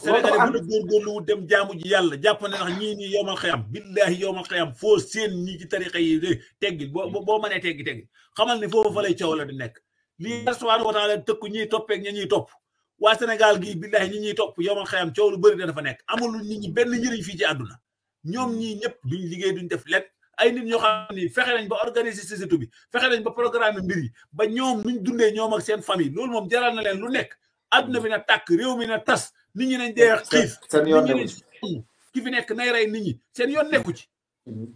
tax Sénégal mën a góorgóorluwu dem jaamu ji yàlla jàpp ne ndax ñii nii yowmal xiyam billahi yowmal xiyam foo seen ñi ci tarixa yi teggil boo boo mënee teggi teggi xamal ne foofu fa lay coow la di nekk lii subhanahu wa taala tëkku ñiy toppeeg ñi ñuy topp Sénégal gii billahi ñi ñuy topp yowmal xiyam coow lu bëri da dafa nekk amul nit ñi benn njëriñ fii ci àdduna ñoom ñii ñëpp duñ liggéey duñ def lekk ay nit ñoo xam ni fexe nañ ba organiser société bi fexe nañ ba programme mbir yi ba ñoom nuñ dundee ñoom ak seen famille loolu moom jaral na leen lu nekk àdduna bi na tàkk réew mi na tas ni ñi ne dee xiif seen yoon nekku ci ki fi nekk nay rey nit ñi seen yoon nekku ci mm-hmm.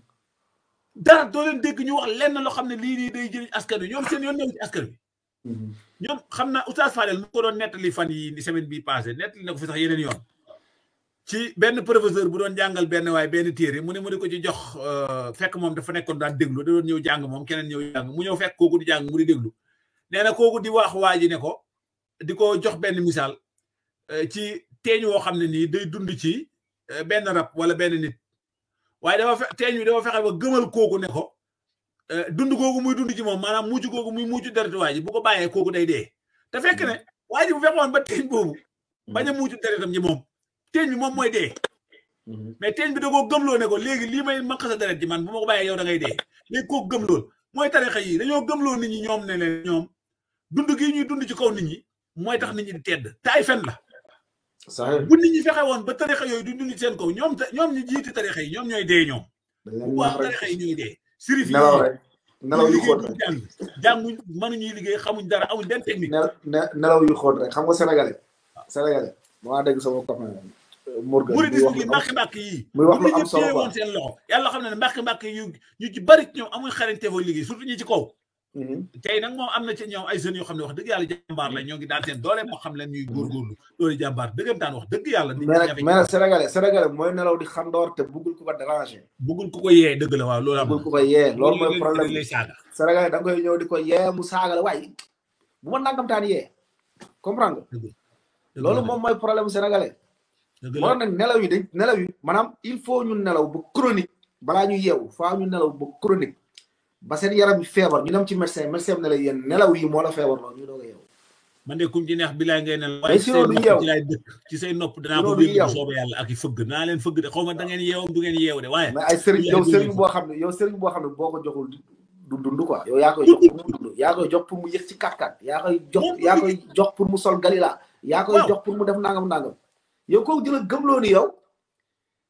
dara doo dégg ñu wax lenn loo xam ne lii nii day jëriñ askan wi ñoom seen yoon nekku ci askan mm-hmm. ñoom xam naa Oustaz Fadel mu ko doon nettali fan yi semaine bi passé nettali na ko fi sax yeneen yoon ci benn professeur bu doon jàngal benn waay benn téere mu ne mu di ko ci jox euh, fekk moom dafa nekkoon daan déglu da doon ñëw jàng moom keneen ñëw jàng mu ñëw fekk kooku di jàng mu di déglu nee na kooku di wax waa ji ne ko di ko jox benn misaal euh, ci teeñ woo xam ne nii day dundu ci eh, benn rab wala benn nit waaye dafa fe teeñ bi dafa fexe ba gëmal kooku ne ko eh, dund googu muy dund ci moom maanaam mucc googu muy mucc deretu waa ji bu ko bàyyee kooku day dee te fekk ne hmm. waa ji bu fexoon ba teeñ boobu hmm. bañ a mucc deretam ji moom teeñ bi moom mooy dee hmm. mais teeñ bi da koo gëmloo ne ko léegi lii may manq sa deret ji man bu ma ko bàyyee yow a ngay dee léegi kooku gëmlool mooy tarixa yi dañoo gëmloo nit ñi ñoom ne leen ñoom dund gi ñuy dund ci kaw nit ñi mooy tax nit ñi di tedd fen la bu nit ñi fexe woon ba tarixa yooyu du dund seen kaw ñoom ñoom ñu jiiti tarixa yi ñoom ñooy dee ñoom bu waa tarixa yi ñooy dee sirif nelaw yu xóot rek jàng liggéey xamuñ dara amuñ benn technique nelaw yu xóot rek xam nga sénégalais sénégalais maa dégg sama copain euh, Morgan murid yi mbàkk mbàkk yi muy wax lu am solo seen loxo yàlla xam ne ne mbàkk mbàkk yi ñu ci bari ñoom amuñ xarañte fooy liggéey surtout ñi ci kaw Mm-hmm. tey nan moom am na ci ñoom ay jeunes yoo xam ne wax dëgg yàlla jàmbaar la ñoo ngi daan seen doole moo xam leen ñuy góorgóorlu doole jàmbaar dëggantaan wax dëgg yàlla nit ñi mais nag sénégalais sénégalais mooy nelaw di xandoor te buggul ku ko déranger buggul ku ko yee dëgg la waaw loolu mooy problème bi saaga sénégalais da ñëw di ko yee mu saaga la waaye bu ma nangamtaan yee comprendre nga loolu moom mooy problème sénégalais moo nag nelaw yi dañ nelaw yi maanaam il faut ñun nelaw ba chronique balaa ñu yeewu faa ñu nelaw ba chronique ba seen yaram bi feebar ñu dem ci médecin médecin bi ne la yéen nelaw yi moo feebar loolu ñu doog a yeew man de kum ci neex bi laa ngay ne waaye ci naa leen fëgg de xaw ma da ngeen yeewam du ngeen yeew de ay sëriñ yow sëriñ boo xam ne yow sëriñ boo ne boo ko joxul du dund quoi yow yaa koy jox pour mu yaa koy jox yëg ci katkat yaa koy jox yaa koy jox pour mu sol galila yaa koy jox pour mu def nangam nangam yow kooku jëla gëmloo ni yow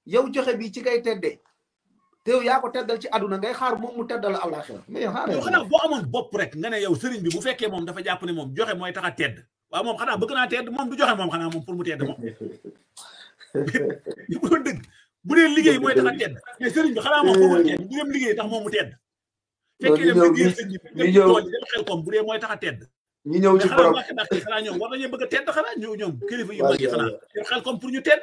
yow joxe bi ci ngay teddee te yow yaa ko teddal ci àdduna ngay xaar moom mu teddal àllaaxira mais xaaral xanaa bu fekkee moom dafa jàpp ne moom joxe mooy tax a tedd waaw moom xanaa bëgg naa tedd moom du joxe moom xanaa moom pour mu bu doon liggéey mooy tax a tedd mais sëriñ bi xanaa moom liggéey tax moom mu tedd fekkee dem liggéey sëriñ xel koom bu dee mooy tax a tedd ñu ñëw ci borom xanaa ñoom war nañu bëgg a tedd xanaa ñoom kilifa yu mag yi xanaa xel koom pour ñu tedd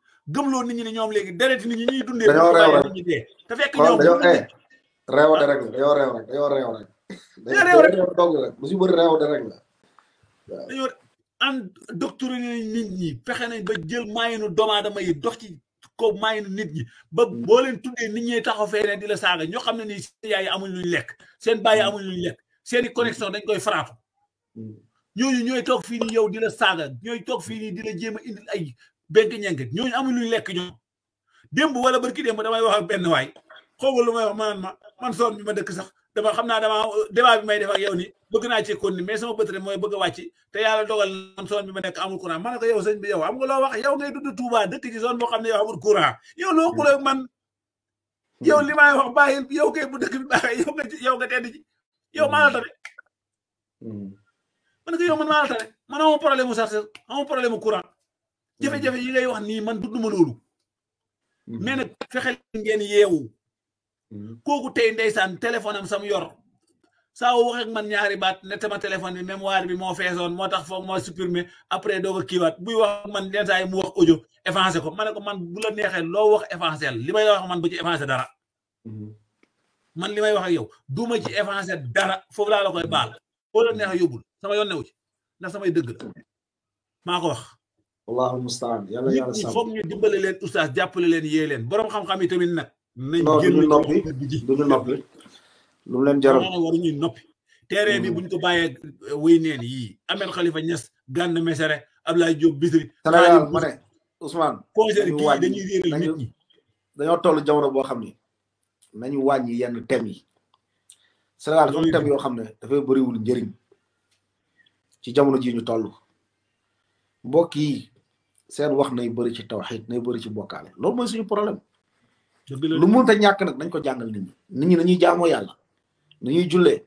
gëmloo nit ñi ne ñoom léegi deret nit ñi ñuy dundee. dañoo réew rek ñu dee te fekk ñoom. dañoo eh réew de rek la dañoo réew rek dañoo réew rek. dañoo réew rek dañoo rek mosu bëri réew de rek la waaw. dañoo en docteur nit ñi fexe nañ ba jël maayanu doomu aadama yi dox ci ko maayanu nit ñi ba hmm. boo leen tuddee nit ñi taxaw fee ne di la saaga ñoo xam ne nii seen yaay yi amuñ luñ lekk seen baay yi hmm. amuñ luñ lekk seen i connexion dañ koy fraatu. Hmm. ñooñu ñooy toog fii nii yow di la saaga ñooy toog fii nii di la jéem a indil ay benk ñenket ñooñu amuñ luñ lekk ñoom démb wala barki démb damay wax ak benn waay xawma lu may wax maanaam ma man soon bi ma dëkk sax dama xam naa dama débat bi may def ak yow bëgg naa ci kon ni mais sama mooy bëgg a wàcc te yàlla dogal man zone bi ma nekk amul courant ma ko yow sëñ bi yow am nga loo wax yow ngay dund Touba dëkk ci zone boo xam ne yow amul courant yow loo xuloo yow li may wax bàyyil yow kay bu dëkk bi baaxee yow nga yow nga tedd ji yow maa la tane mm. ma ne ko yow man maa la tane man amoo problème mu chargeur amoo problème mu courant jafe-jafe yi ngay wax nii man dudduma loolu mhm. mais nag fexeel ngeen yeewu mhm. kooku tey ndeysaan téléphone am sam yor saa wax man ñaari baat ne sama téléphone bi mémoire bi moo feesoon moo tax foog moo supprimer après doo ko kiiwaat buy wax man den saa mu wax ojo effacé ko ma ne ko man bu la neexee loo wax effacé li may wax man bu ci effacé dara mhm. man li may wax ak yow duma ci effacé dara foofu laa la koy baal boo la neexee yóbbul sama yoon newu ci ndax samay dëgg ko wax wallaahu mustaan yàlla yàlla sàmm foog ñu dimbale leen oustaz jàppale leen yee leen borom xam-xam yi tamit nag. nañ génn noppi duñu noppi lu mu leen jaral waruñu noppi. terrain bi hmm. buñ ko bàyyee wéy neen yii Ahmed Khalifa Niass Gana Messere Abdoulaye ma ne Ousmane. conseil kii dañuy réeral dañoo toll jamono boo xam ne nañu wàññi yenn thèmes yi. Sénégal dafa am yoo xam ne dafay bariwul njëriñ ci jamono ji ñu toll mbokk yi. seen wax nay bëri ci tawxiid nay bëri ci bokkaale loolu mooy suñu problème lu mënta ñàkk nag nañ ko jàngal nit ñi nit ñi nañuy jaamoo yàlla ni ñuy jullee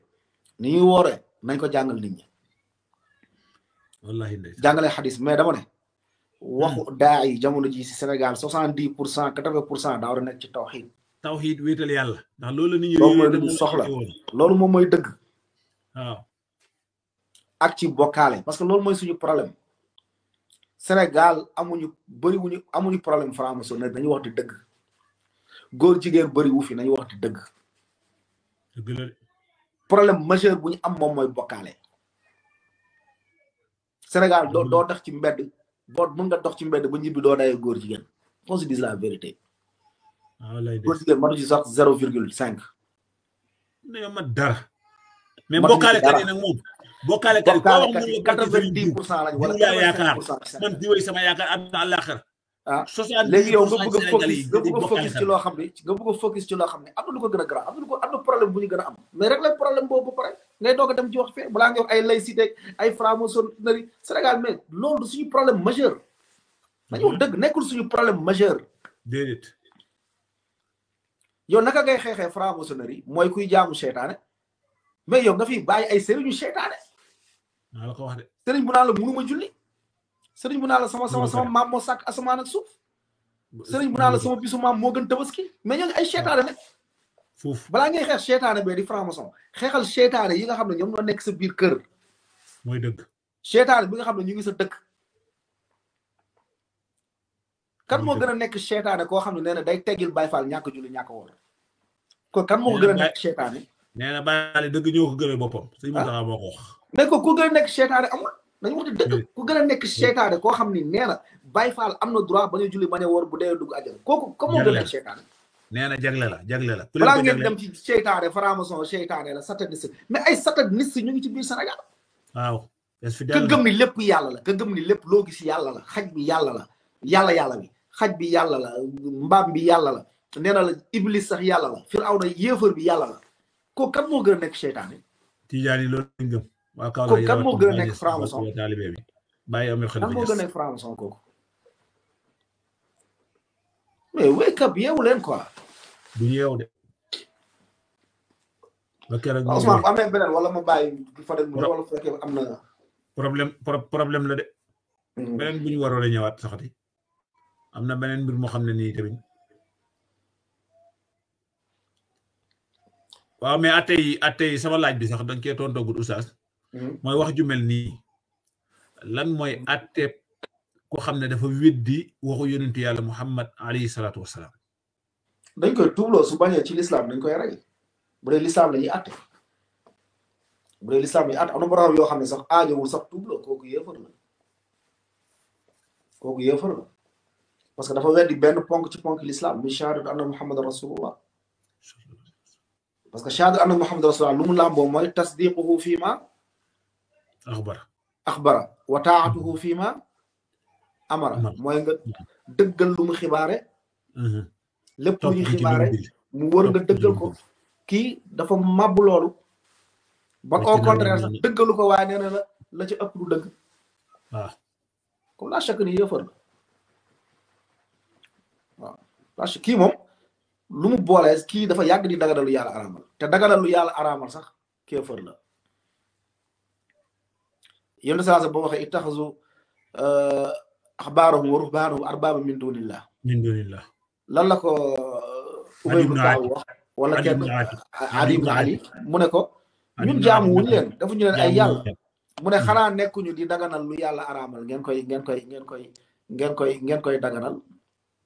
ni ñuy wooree nañ ko jàngal nit ñi wallaahi jàngale xadis mais dama ne hmm. waxu daa yi jamono ji si Sénégal soixante di pour cent quatre vingt pour cent daa war a nekk ci tawxiid tawxiid wéetal yàlla ndax loolu nit ñi loolu mooy lu soxla loolu moom mooy dëgg ak ci bokkaale parce que loolu mooy suñu problème Sénégal amuñu bëri wuñu amuñu problème franc-maçonnerie dañu wax di dëgg góor jigéen bëri wu fi nañu wax di dëgg. problème majeur bu ñu am moom mooy bokkaale. Sénégal doo doo dox ci mbedd boo mën nga dox ci mbedd ba ñibbi doo dayee góor jigéen qu'on se dise la vérité. Ah, waaw lay góor jigéen matu ci zéro virgule cinq. dara. mais bokkaale kat yi nag bokkaale kat koo wax mu ne quatre-vingt-dix pour cent lañ wala laa yaakaar man di wéy sama yaakaar am na àllaaxar ah léegi yow nga bëgg a focus nga bëgg a focus ci loo xam ne nga bëgg a focus ci loo xam ne am na lu ko gën a grand am na lu ko am na problème bu ñu gën a am mais rek la problème boobu ba pare ngay doog a dem ci wax fee balaa nga wax ay laïcité ay franc-maçonnerie Sénégal mais loolu du suñu problème majeur dañu wax mm-hmm. dëgg nekkul suñu problème majeur déedéet yow naka ngay xeexee franc-maçonnerie mooy kuy jaamu seytaane mais yow nga fiy bàyyi ay sëriñu seytaane maa la ko wax de sëriñ bu naa munuma julli sëriñ bu naa sama sama sama maam moo sàkk asamaan ak suuf sëriñ bu naa sama bisu maam moo gën tabaski mais ñoo ngi ay seetaane nag foofu balaa ngay xeex seetaane bee di franc-maçon xeexal seetaane yi nga xam ne ñoom ñoo nekk sa biir kër mooy dëgg seetaane bi nga xam ñu ngi sa dëkk kan moo gën a nekk seetaane koo xam ne nee na day teggil Baay Faal julli ñàkk woor ko kan moo ko gën a nekk seetaane nee na Baay Faal dëgg ñoo ko gënal wax mais ko ku gën a nekk seetaane ko gën a nekk seetaane koo xam ni nee na Baye Fall am na droit ba ñu julli ba ñu woor bu dee dugg àjjana kooku comme moo gën a nekk seetaane nee na jagle la jagle la ngeen dem ci seetaane franc-maçon seetaane la sataniste mais ay sataniste ñu ngi ci biir Sénégal waaw ka lépp yàlla la ka gëm ni lépp loo gis yàlla la xaj bi yàlla la yàlla yàlla bi bi yàlla la mbaam bi yàlla la nee na la iblis sax yàlla la firawna yéefar bi yàlla la kooku kan moo gën a nekk seetaane tijaani loolu lañ gëm waaw kaw la kan moo gën a nekk franc-maçon taalibe bi bàyyi amee xel kan moo gën a nekk franc-maçon kooku mais wake up yeewu leen quoi du yeewu de ba keroog ñu Ousmane oh, bu amee beneen wala ma bàyyi fa dem mu wala fekkee am na problème problème la de beneen bu ñu waroon a ñëwaat saxati am na beneen mbir waaw mais atey atey sama laaj hmm. bi sax da nga tontoogul oustaz moy wax ju melni lan moy atté ko xamné dafa weddi waxu yonentu yàlla muhammad alayhi salatu wassalam dañ koy tuubloo su bañé ci l'islam dañ koy ray bu dee l'islam lañuy àtte bu dee l'islam yi àtte am borom yo xamné sax sax wu sax tuubloo koku yeufal la koku yeufal la parce que dafa weddi benn ponk ci ponk l'islam mi shahadu anna muhammad rasulullah parce que shahadu anna muhammad rasulullah lu mu lambo moy tasdiquhu fi ma أخبره أخبره وطاعته فيما أمره mooy nga dëggal lu mu xibaare lépp lu ñu xibaare mu war nga dëggal ko kii dafa màbb loolu ba au contraire sax dëggalu ko waaye nee na la la ci ëpp du dëgg waaw comme la chaque ni yëfër la waaw parce que kii moom lu mu boolee kii dafa yàgg di daganalu yàlla araamal te daganalu yàlla araamal sax kéefër la yonent saa sa boo waxee ittaxasu euh, axbaarahum wa ruhbaanahum arbaaba min dunillah min dunillah lan la ko ubay ibn Ka'b wax wala kenn Ali ibn Ali mu ne ko ñun jaamu wuñ leen dafa ñu leen ay yàlla mu ne hmm. xanaa nekkuñu di daganal lu yàlla araamal ngeen koy ngeen koy ngeen koy ngeen ngeen koy daganal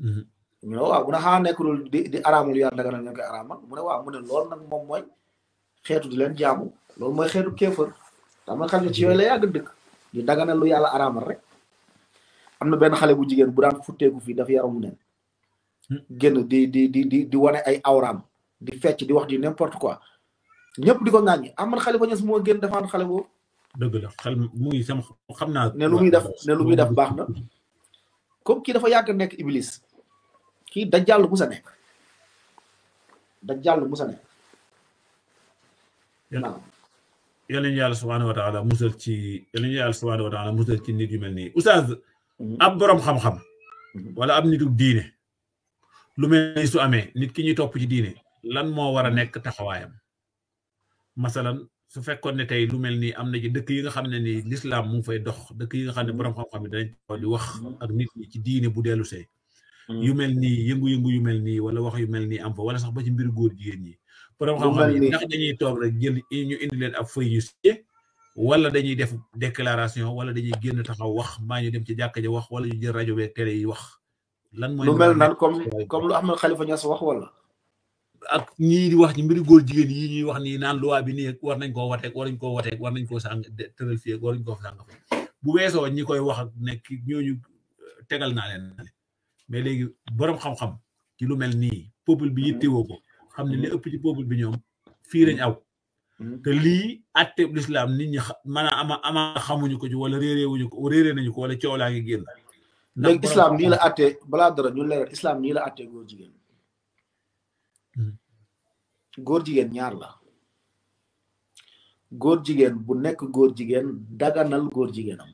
hmm. ñu ne waaw mu ne xanaa di di araamal lu yàlla daganal ngeen koy araamal mu ne waaw mu ne loolu nag moom mooy xeetu di leen jaamu loolu mooy xeetu xam nga xaju ci yooyu la yag dëkk ñu dagana lu yalla araamal rek amna na xalé bu jigen bu daan futteeku fi dafa yaramu neen genn di di di di di wane ay awram di fecc di wax di n'importe quoi ñepp diko ngañ ŋàññi amal bu ñess mo genn dafa defaan xale boobu la xel muy sama xam naa ne lu muy def ne lu muy def baax na comme ki dafa yag nek iblis Ki dajjal musa nekk dajjal bu sa waaw yàlla ñu yàlla subhaanahu wa taala musal ci yàlla ñu yàlla subhaanahu wa taala musal ci nit yu mel nii oustaz ab boroom xam-xam wala ab nitu diine lu mel ni su amee nit ki su fekkoon ne tey lu mel nii am na ci dëkk yi nga xam ne ni lislaam mu ngi fay dox dëkk yi nga xam ne boroom xam-xam yi danañ di wax ak nit ñi ci diine bu dellu see yu mel nii yëngu-yëngu yu mel nii wala wax yu mel nii am fa wala sax ba ci mbir góor jigéen ñi borom xam-xam ndax dañuy toog rek jël i ñu indi leen ab feuille yu signé wala dañuy def déclaration wala dañuy génn taxaw wax maa ñu dem ci jàkka ji wax wala ñu jël rajo bee télé yi wax. lan mooy lu mel nan comme comme lu Ahmed Khalifa Niass wax wala. ak ñii di wax ci mbiru góor jigéen yi ñuy wax nii naan loi bi nii war nañ ko wateeg war nañ ko wateeg war nañ koo sàng tëral fii war nañ koo sàng bu weesoo ñi koy wax ak nekk ñooñu tegal naa leen mais léegi boroom xam-xam ci lu mel nii peuple bi yittewoo ko. xam ne li mm-hmm. ëpp ci peuple bi ñoom fii lañ mm-hmm. aw mm-hmm. te lii atteb lislaam ni ñi maanaam ama ama xamuñu ko ci wala réeré wuñu ko réeré nañu ko wala coow laa ngi génn léegi islam nii la atte balaa dara ñu leeral islam nii la atte góor jigéen góor jigéen ñaar la góor jigéen bu nekk góor jigéen daganal góor jigéenam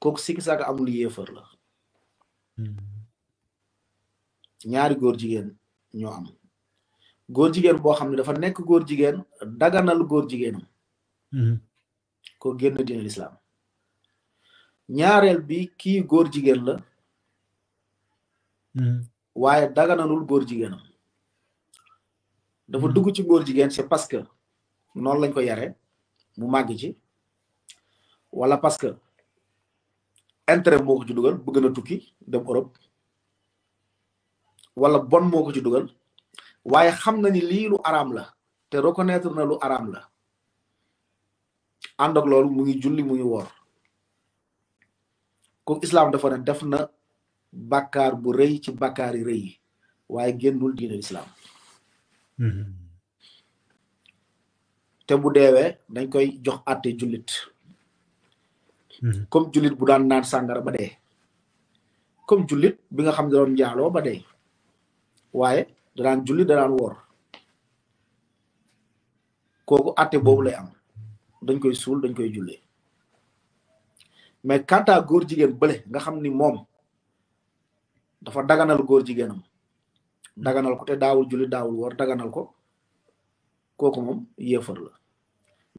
kooku sikki saaka amul yéefar la ñaari góor jigéen ñoo am góor jigéen boo xam ne dafa nekk góor jigéen daganal góor jigéenam mm-hmm. ko génn dina lislaam ñaareel bi kii góor jigéen la mm-hmm. waaye daganalul góor jigéenam dafa mm-hmm. dugg ci góor jigéen c'est parce que noonu lañ ko yare mu màgg ci wala parce que intérêt moo ko dugal bëgg na tukki dem Europe wala bon moo ko ci dugal waaye xam na ni lii lu araam la te reconnaître na lu araam la ànd loolu mu ngi julli mu ngi woor ko islaam dafa ne def na bàkkaar bu rëy ci bàkkaar yi rëy waaye génnul diinal islaam mm-hmm. te bu deewee dañ koy jox àtte jullit mm-hmm. comme jullit bu daan naan sàngara ba dee comme jullit bi nga xam ne doon njaaloo ba dee waaye danaan julli danaan woor kooku àtte boobu lay am dañ koy suul dañ koy jullee mais quant à góor jigéen nga xam ni moom dafa daganal góor jigéenam daganal ko te daawul juli daawul woor daganal ko kooku moom yéefar la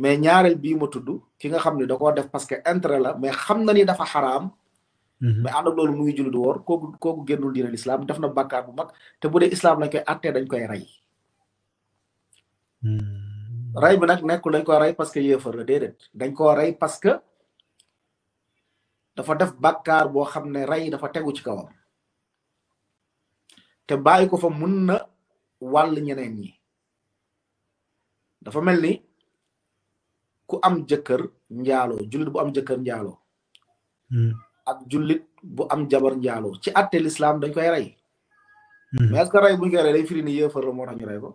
mais ñaareel bii ma tudd ki nga xam ni da koo def parce que intérêt la mais xam na ni dafa xaram Mm-hmm. mais ànd ak loolu muy jullit woor kooku kooku génnul diine lislaam def na bàkkaar bu mag te bu dee islaam lañ koy àttee dañ koy rey mm-hmm. rey bi nag nekkul dañ koy rey parce que yéefar la déedéet dañ koo rey parce que dafa def bàkkaar boo xam ne rey dafa tegu ci kawam te bàyyi ko fa mun na wàll ñeneen ñi dafa mel ni ku am jëkkër njaaloo jullit bu am jëkkër njaalo mm-hmm. ak julit bu am jabar njaaloo ci atel l'islam dañ koy ray hmm. mais est-ce que bu buñ koy rey day firi ni yeufal la moo tax ñu ray ko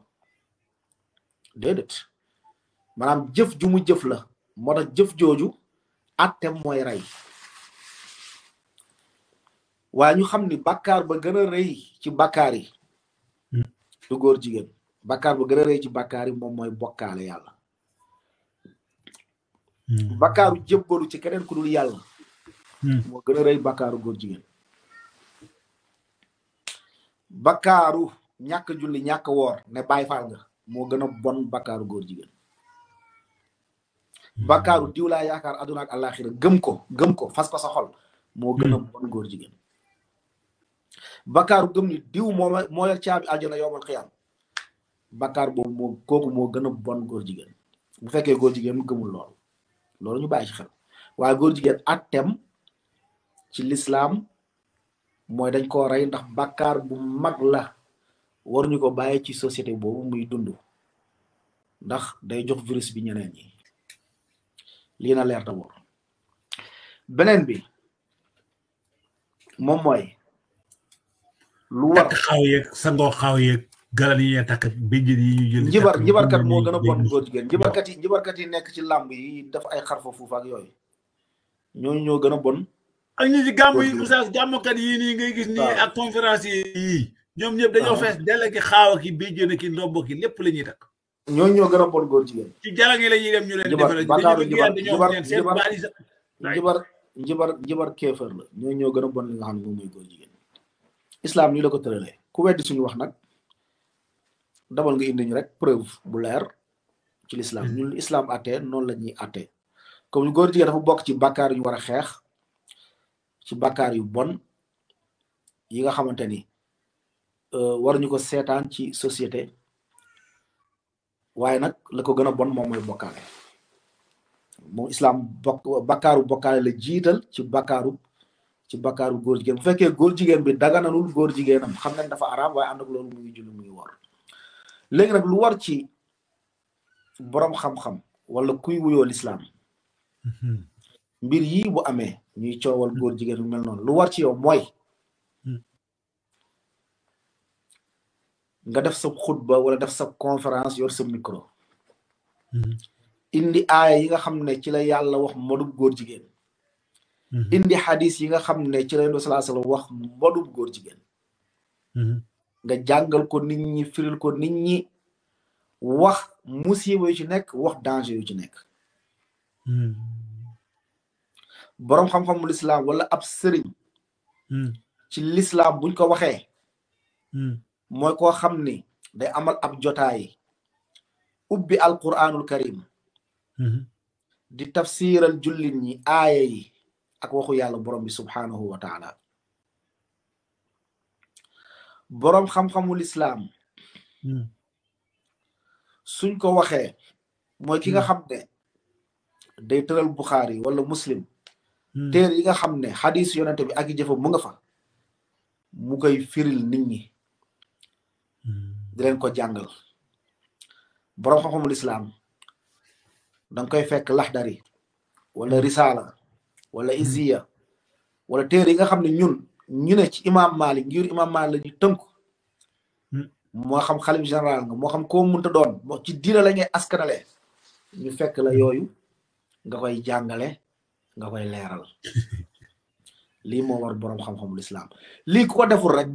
dedet manam jëf ju mu jëf la moo tax jëf joju atte moy ray wa ñu xamni ni ba gëna a ci bàkkaar yi hmm. du gor jigen bàkkaar ba gëna a ci bàkkaar yi mom moy bokkaale yalla hmm. bakkaaru jébbalu ci keneen ku dul mo hmm. gëna reey bakaru goor jigen bakaru ñak julli ñak wor ne bay fal nga mo gëna bon bakaru goor jigen hmm. bakaru diw la yaakar aduna ak alakhir gëm ko gëm ko fas ko sa xol mo gëna hmm. bon goor jigen bakaru gëm ni diw mo moo ci abi aljana yowal qiyam bakar bo mo koku mo gëna bon goor jigen bu fekke goor jigen mu gëmul lool lool ñu bay ci xel waaye góor jigéen atem ci l'islam moy dañ ko ray ndax bakar bu mag la warñu ko baye ci société bobu muy dundu ndax day jox virus bi ñeneen yi li na leer d'abord benen bi mom moy lu war xaw yeek ngo xaw yeek galal yi tak bejjit yi ñu jël jibar jibar kat mo gëna bon goor jigen jibar kat yi jibar kat yi nek ci lamb yi daf ay xarfa fuuf ak yoy ñoo ñoo gëna bon ak ñu ci gàmm yi oustaz gàmmkat yii nii ngay gis nii ak conférence yi ñoom ñëpp dañoo fees dell ki xaaw ki béjjén ki ndombo ki lépp la ñuy takk ñoo gën a bon góor jigéen ci jarangi la ñuy dem ñu leen defal jibar jibar jibar kéefër la ñooñu ñoo gën a bon li nga xam ne moom mooy góor jigéen islam nii la ko tëralee ku weddi suñu wax nag dabal nga indi rek preuve bu leer ci l'islam hmm. ñun islam àttee noonu la ñuy àttee comme góor jigéen dafa bokk ci bàkkaar yu war a xeex ci bàkkaar yu bon yi nga xamante ni euh, waruñu ko seetaan ci société waaye nag la ko gën a bon moom mooy bokkaale moom islaam bokk bakkaaru bokkaale la jiital ci bakkaaru ci bakkaaru góor jigéen bu fekkee góor jigéen bi daganalul góor jigéenam xam nañ dafa araam waaye ànd ak loolu muy julli muy wor léegi nag lu war ci boroom xam-xam wala kuy wuyoo lislaam mhm. mbir yii bu amee ñuy coowal hmm. góor jigéen lu mel noonu lu war ci yow mooy hmm. nga def sa xutba wala def sa conférence yor sa micro hmm. indi aaya yi nga xam ne ci la yàlla wax modub góor jigéen indi xadis yi nga xam ne ci salaa sallam wax modub góor jigéen nga jàngal ko nit ñi firil ko nit ñi wax musiba yu ci nekk wax danger yu ci nekk boroom xam-xamu lislaam wala ab sëriñ hmm. ci lislaam buñ ko waxee hmm. mooy koo xam ni day amal ab jotaay ubbi alquranul karim hmm. di tafsiral jullit ñi aaya yi ak waxu yàlla borom bi subhaanahu wa taala boroom xam-xamu lislaam suñ ko waxee mooy ki nga xam ne day tëral buxaari wala muslim Hmm. téere yi nga xam ne xadis yonente bi ak i jëfam mu nga fa mu koy firil nit ñi hmm. di leen ko jàngal borom xam-xamul islaam koy fekk laxdari wala hmm. risala wala iziya wala téere yi nga xam ne ñun ñu ne ci imam Malik ngir imam Malik lañu ñu mo khalim xam xalif général nga moo xam koo munta doon ci diina la ngay askanale ñu fekk la yooyu nga koy jàngale nga koy leral li mo war borom xam-xamul islam li ku ko deful rek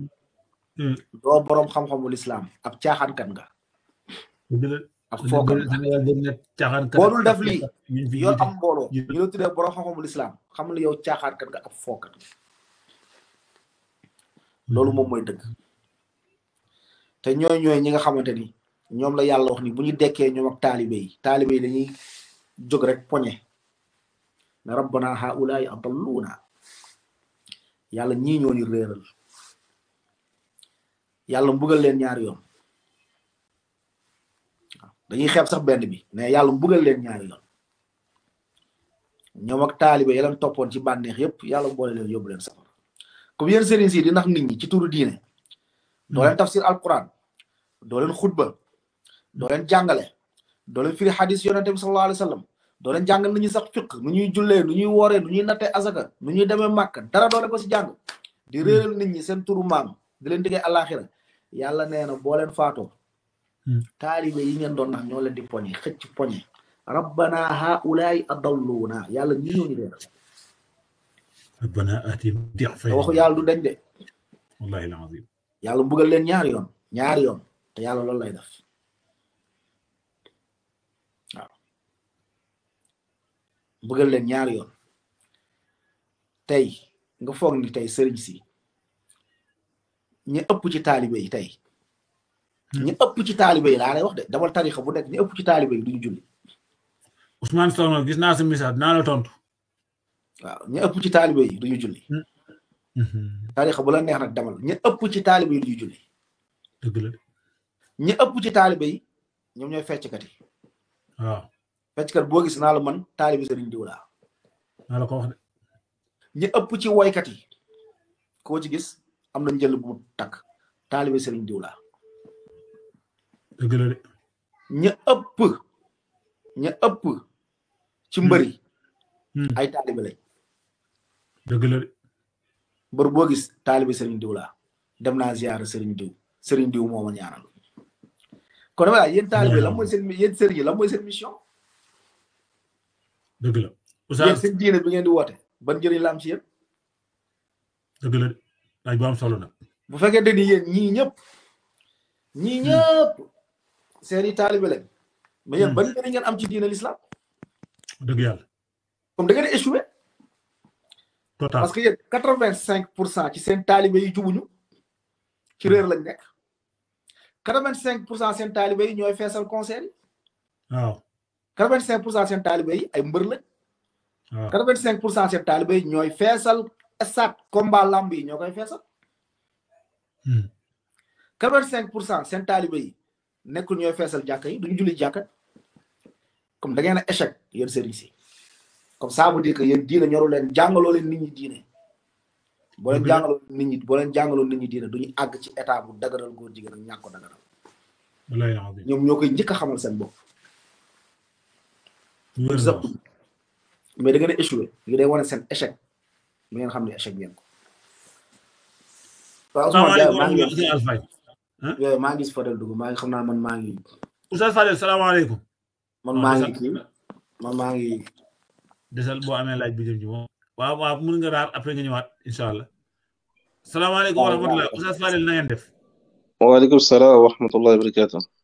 hmm. do borom xam-xamul islam ab kan nga ak foogal boo dul def li yo am bolo ñu la borom xam-xamul islam xam ne yow kan nga ab fookat nga mom moy deug te ñoy ñoy ñi nga xamanteni ñom la yalla wax ni bu ñu dekkee ak talibé yi talibé yi dañuy jog rek poñé ne rabbana haulaai adalluuna yàlla ñii ñoo ñu réeral yàlla mbugal leen ñaari yoon dañuy xeeb sax benn bi mais yàlla mbugal leen ñaar yoon ñoom ak taalibe yi leen toppoon ci bànneex yépp yàlla boole leen yóbbu leen safara comme yéen sëriñ si di nax nit ñi ci turu diine doo leen tafsir alquran doo leen xutba doo leen jàngale doo leen firi xadis yonente bi sallallahu alayhi wa doo leen jàngal nu ñuy sax fiq nu ñuy jullee nu ñuy wooree nu ñuy nattee asaka nu ñuy demee màkk dara doole ko si jàng di hmm. réeral nit ñi seen turu maam di leen diggee àllaaxira yàlla nee na boo leen faatoo hmm. taalibe yi ngeen doon nax ñoo leen di poñe xëcc poñe rabbana haulaay adalluuna yàlla ñi ñoo ñu réeral rabbana atim dixfay waxu yàlla du dañ de wallahi alazim yàlla mbugal leen ñaari yoon ñaari yoon te yàlla loolu lay def bëggal leen ñaari yoon tey nga foog ni tey sëriñ ña ëpp ci taalibe yi tey hmm. ñu ëpp ci taalibe yi laa lay wax de damal tarixa bu nekk ñu ëpp ci taalibe yi duñu julli Ousmane Sonko gis naa sa message la tontu waaw ñu ëpp ci taalibe yi duñu julli hmm. hmm. tarixa bu la neex nag demal ñu ëpp ci taalibe du duñu julli dëgg ëpp ci taalibe ñoom ñooy fecckat yi fecckat boo gis naa la man taalibi sëriñ diw laa naa la ko wax ëpp ci woykat yi koo ci gis am na jël bu mu takk taalibi sëriñ diw laa dëgg la de ñi ëpp ñi ëpp ci mbëri hmm. hmm. ay taalibi lañ dëgg la de gis taalibi sëriñ diw laa dem naa ziyaara sëriñ diw sëriñ diw moo ma ñaanal kon voilà yéen taalibi la mooy seen yéen sëriñ la mooy seen mission dëgg la oustaz yéen seen bi ngeen di woote ban njëriñ la ci yéen. dëgg la laaj bu am solo na. bu fekkee ni yéen ñii ñëpp. ñii hmm. ñëpp seen i taalibe lañ. mais hmm. njëriñ ngeen am ci diine l'islam. dëgg yàlla. comme da ngeen di échoué. parce que yéen quatre vingt cinq pour cent ci seen taalibe yi jubuñu ci hmm. réer lañ nekk. quatre vingt cinq pour cent seen taalibe yi ñooy feesal conseil waaw. 85 pour cent seen taalibe ay mbër lañ. waaw cinq pour cent seen taalibe yi ñooy feesal stade combat lamb yi ñoo koy feesal. 85 hmm. pour cent seen taalibe yi nekkul ñooy feesal jàkka yi duñu julli jàkka comme da ngeen a échec yéen sëriñ si comme ça veut dire leen jàngaloo leen nit ñi diine. boo leen mm-hmm. nit ñi boo leen jàngaloo nit ñi diine duñu àgg ci état bu dagaral góor jigéen ak ñàkk ko dagaral. ñoom ñoo koy njëkk a xamal seen bopp. بالضبط مي داغي ايشوي مي داي وانا سان اشك مي غن خامني اشك ديالكو فاطمه ما ما غيس فدال دوغ ما خمنا من ماغي استاذ فادي السلام عليكم من آه، ماغي من ماغي ديسال بو امي لاج بيجيم جي وا وا مون نغا دار ابري نغا نيوات ان شاء الله السلام عليكم ورحمه الله استاذ فادي نغا ندف وعليكم السلام ورحمه الله وبركاته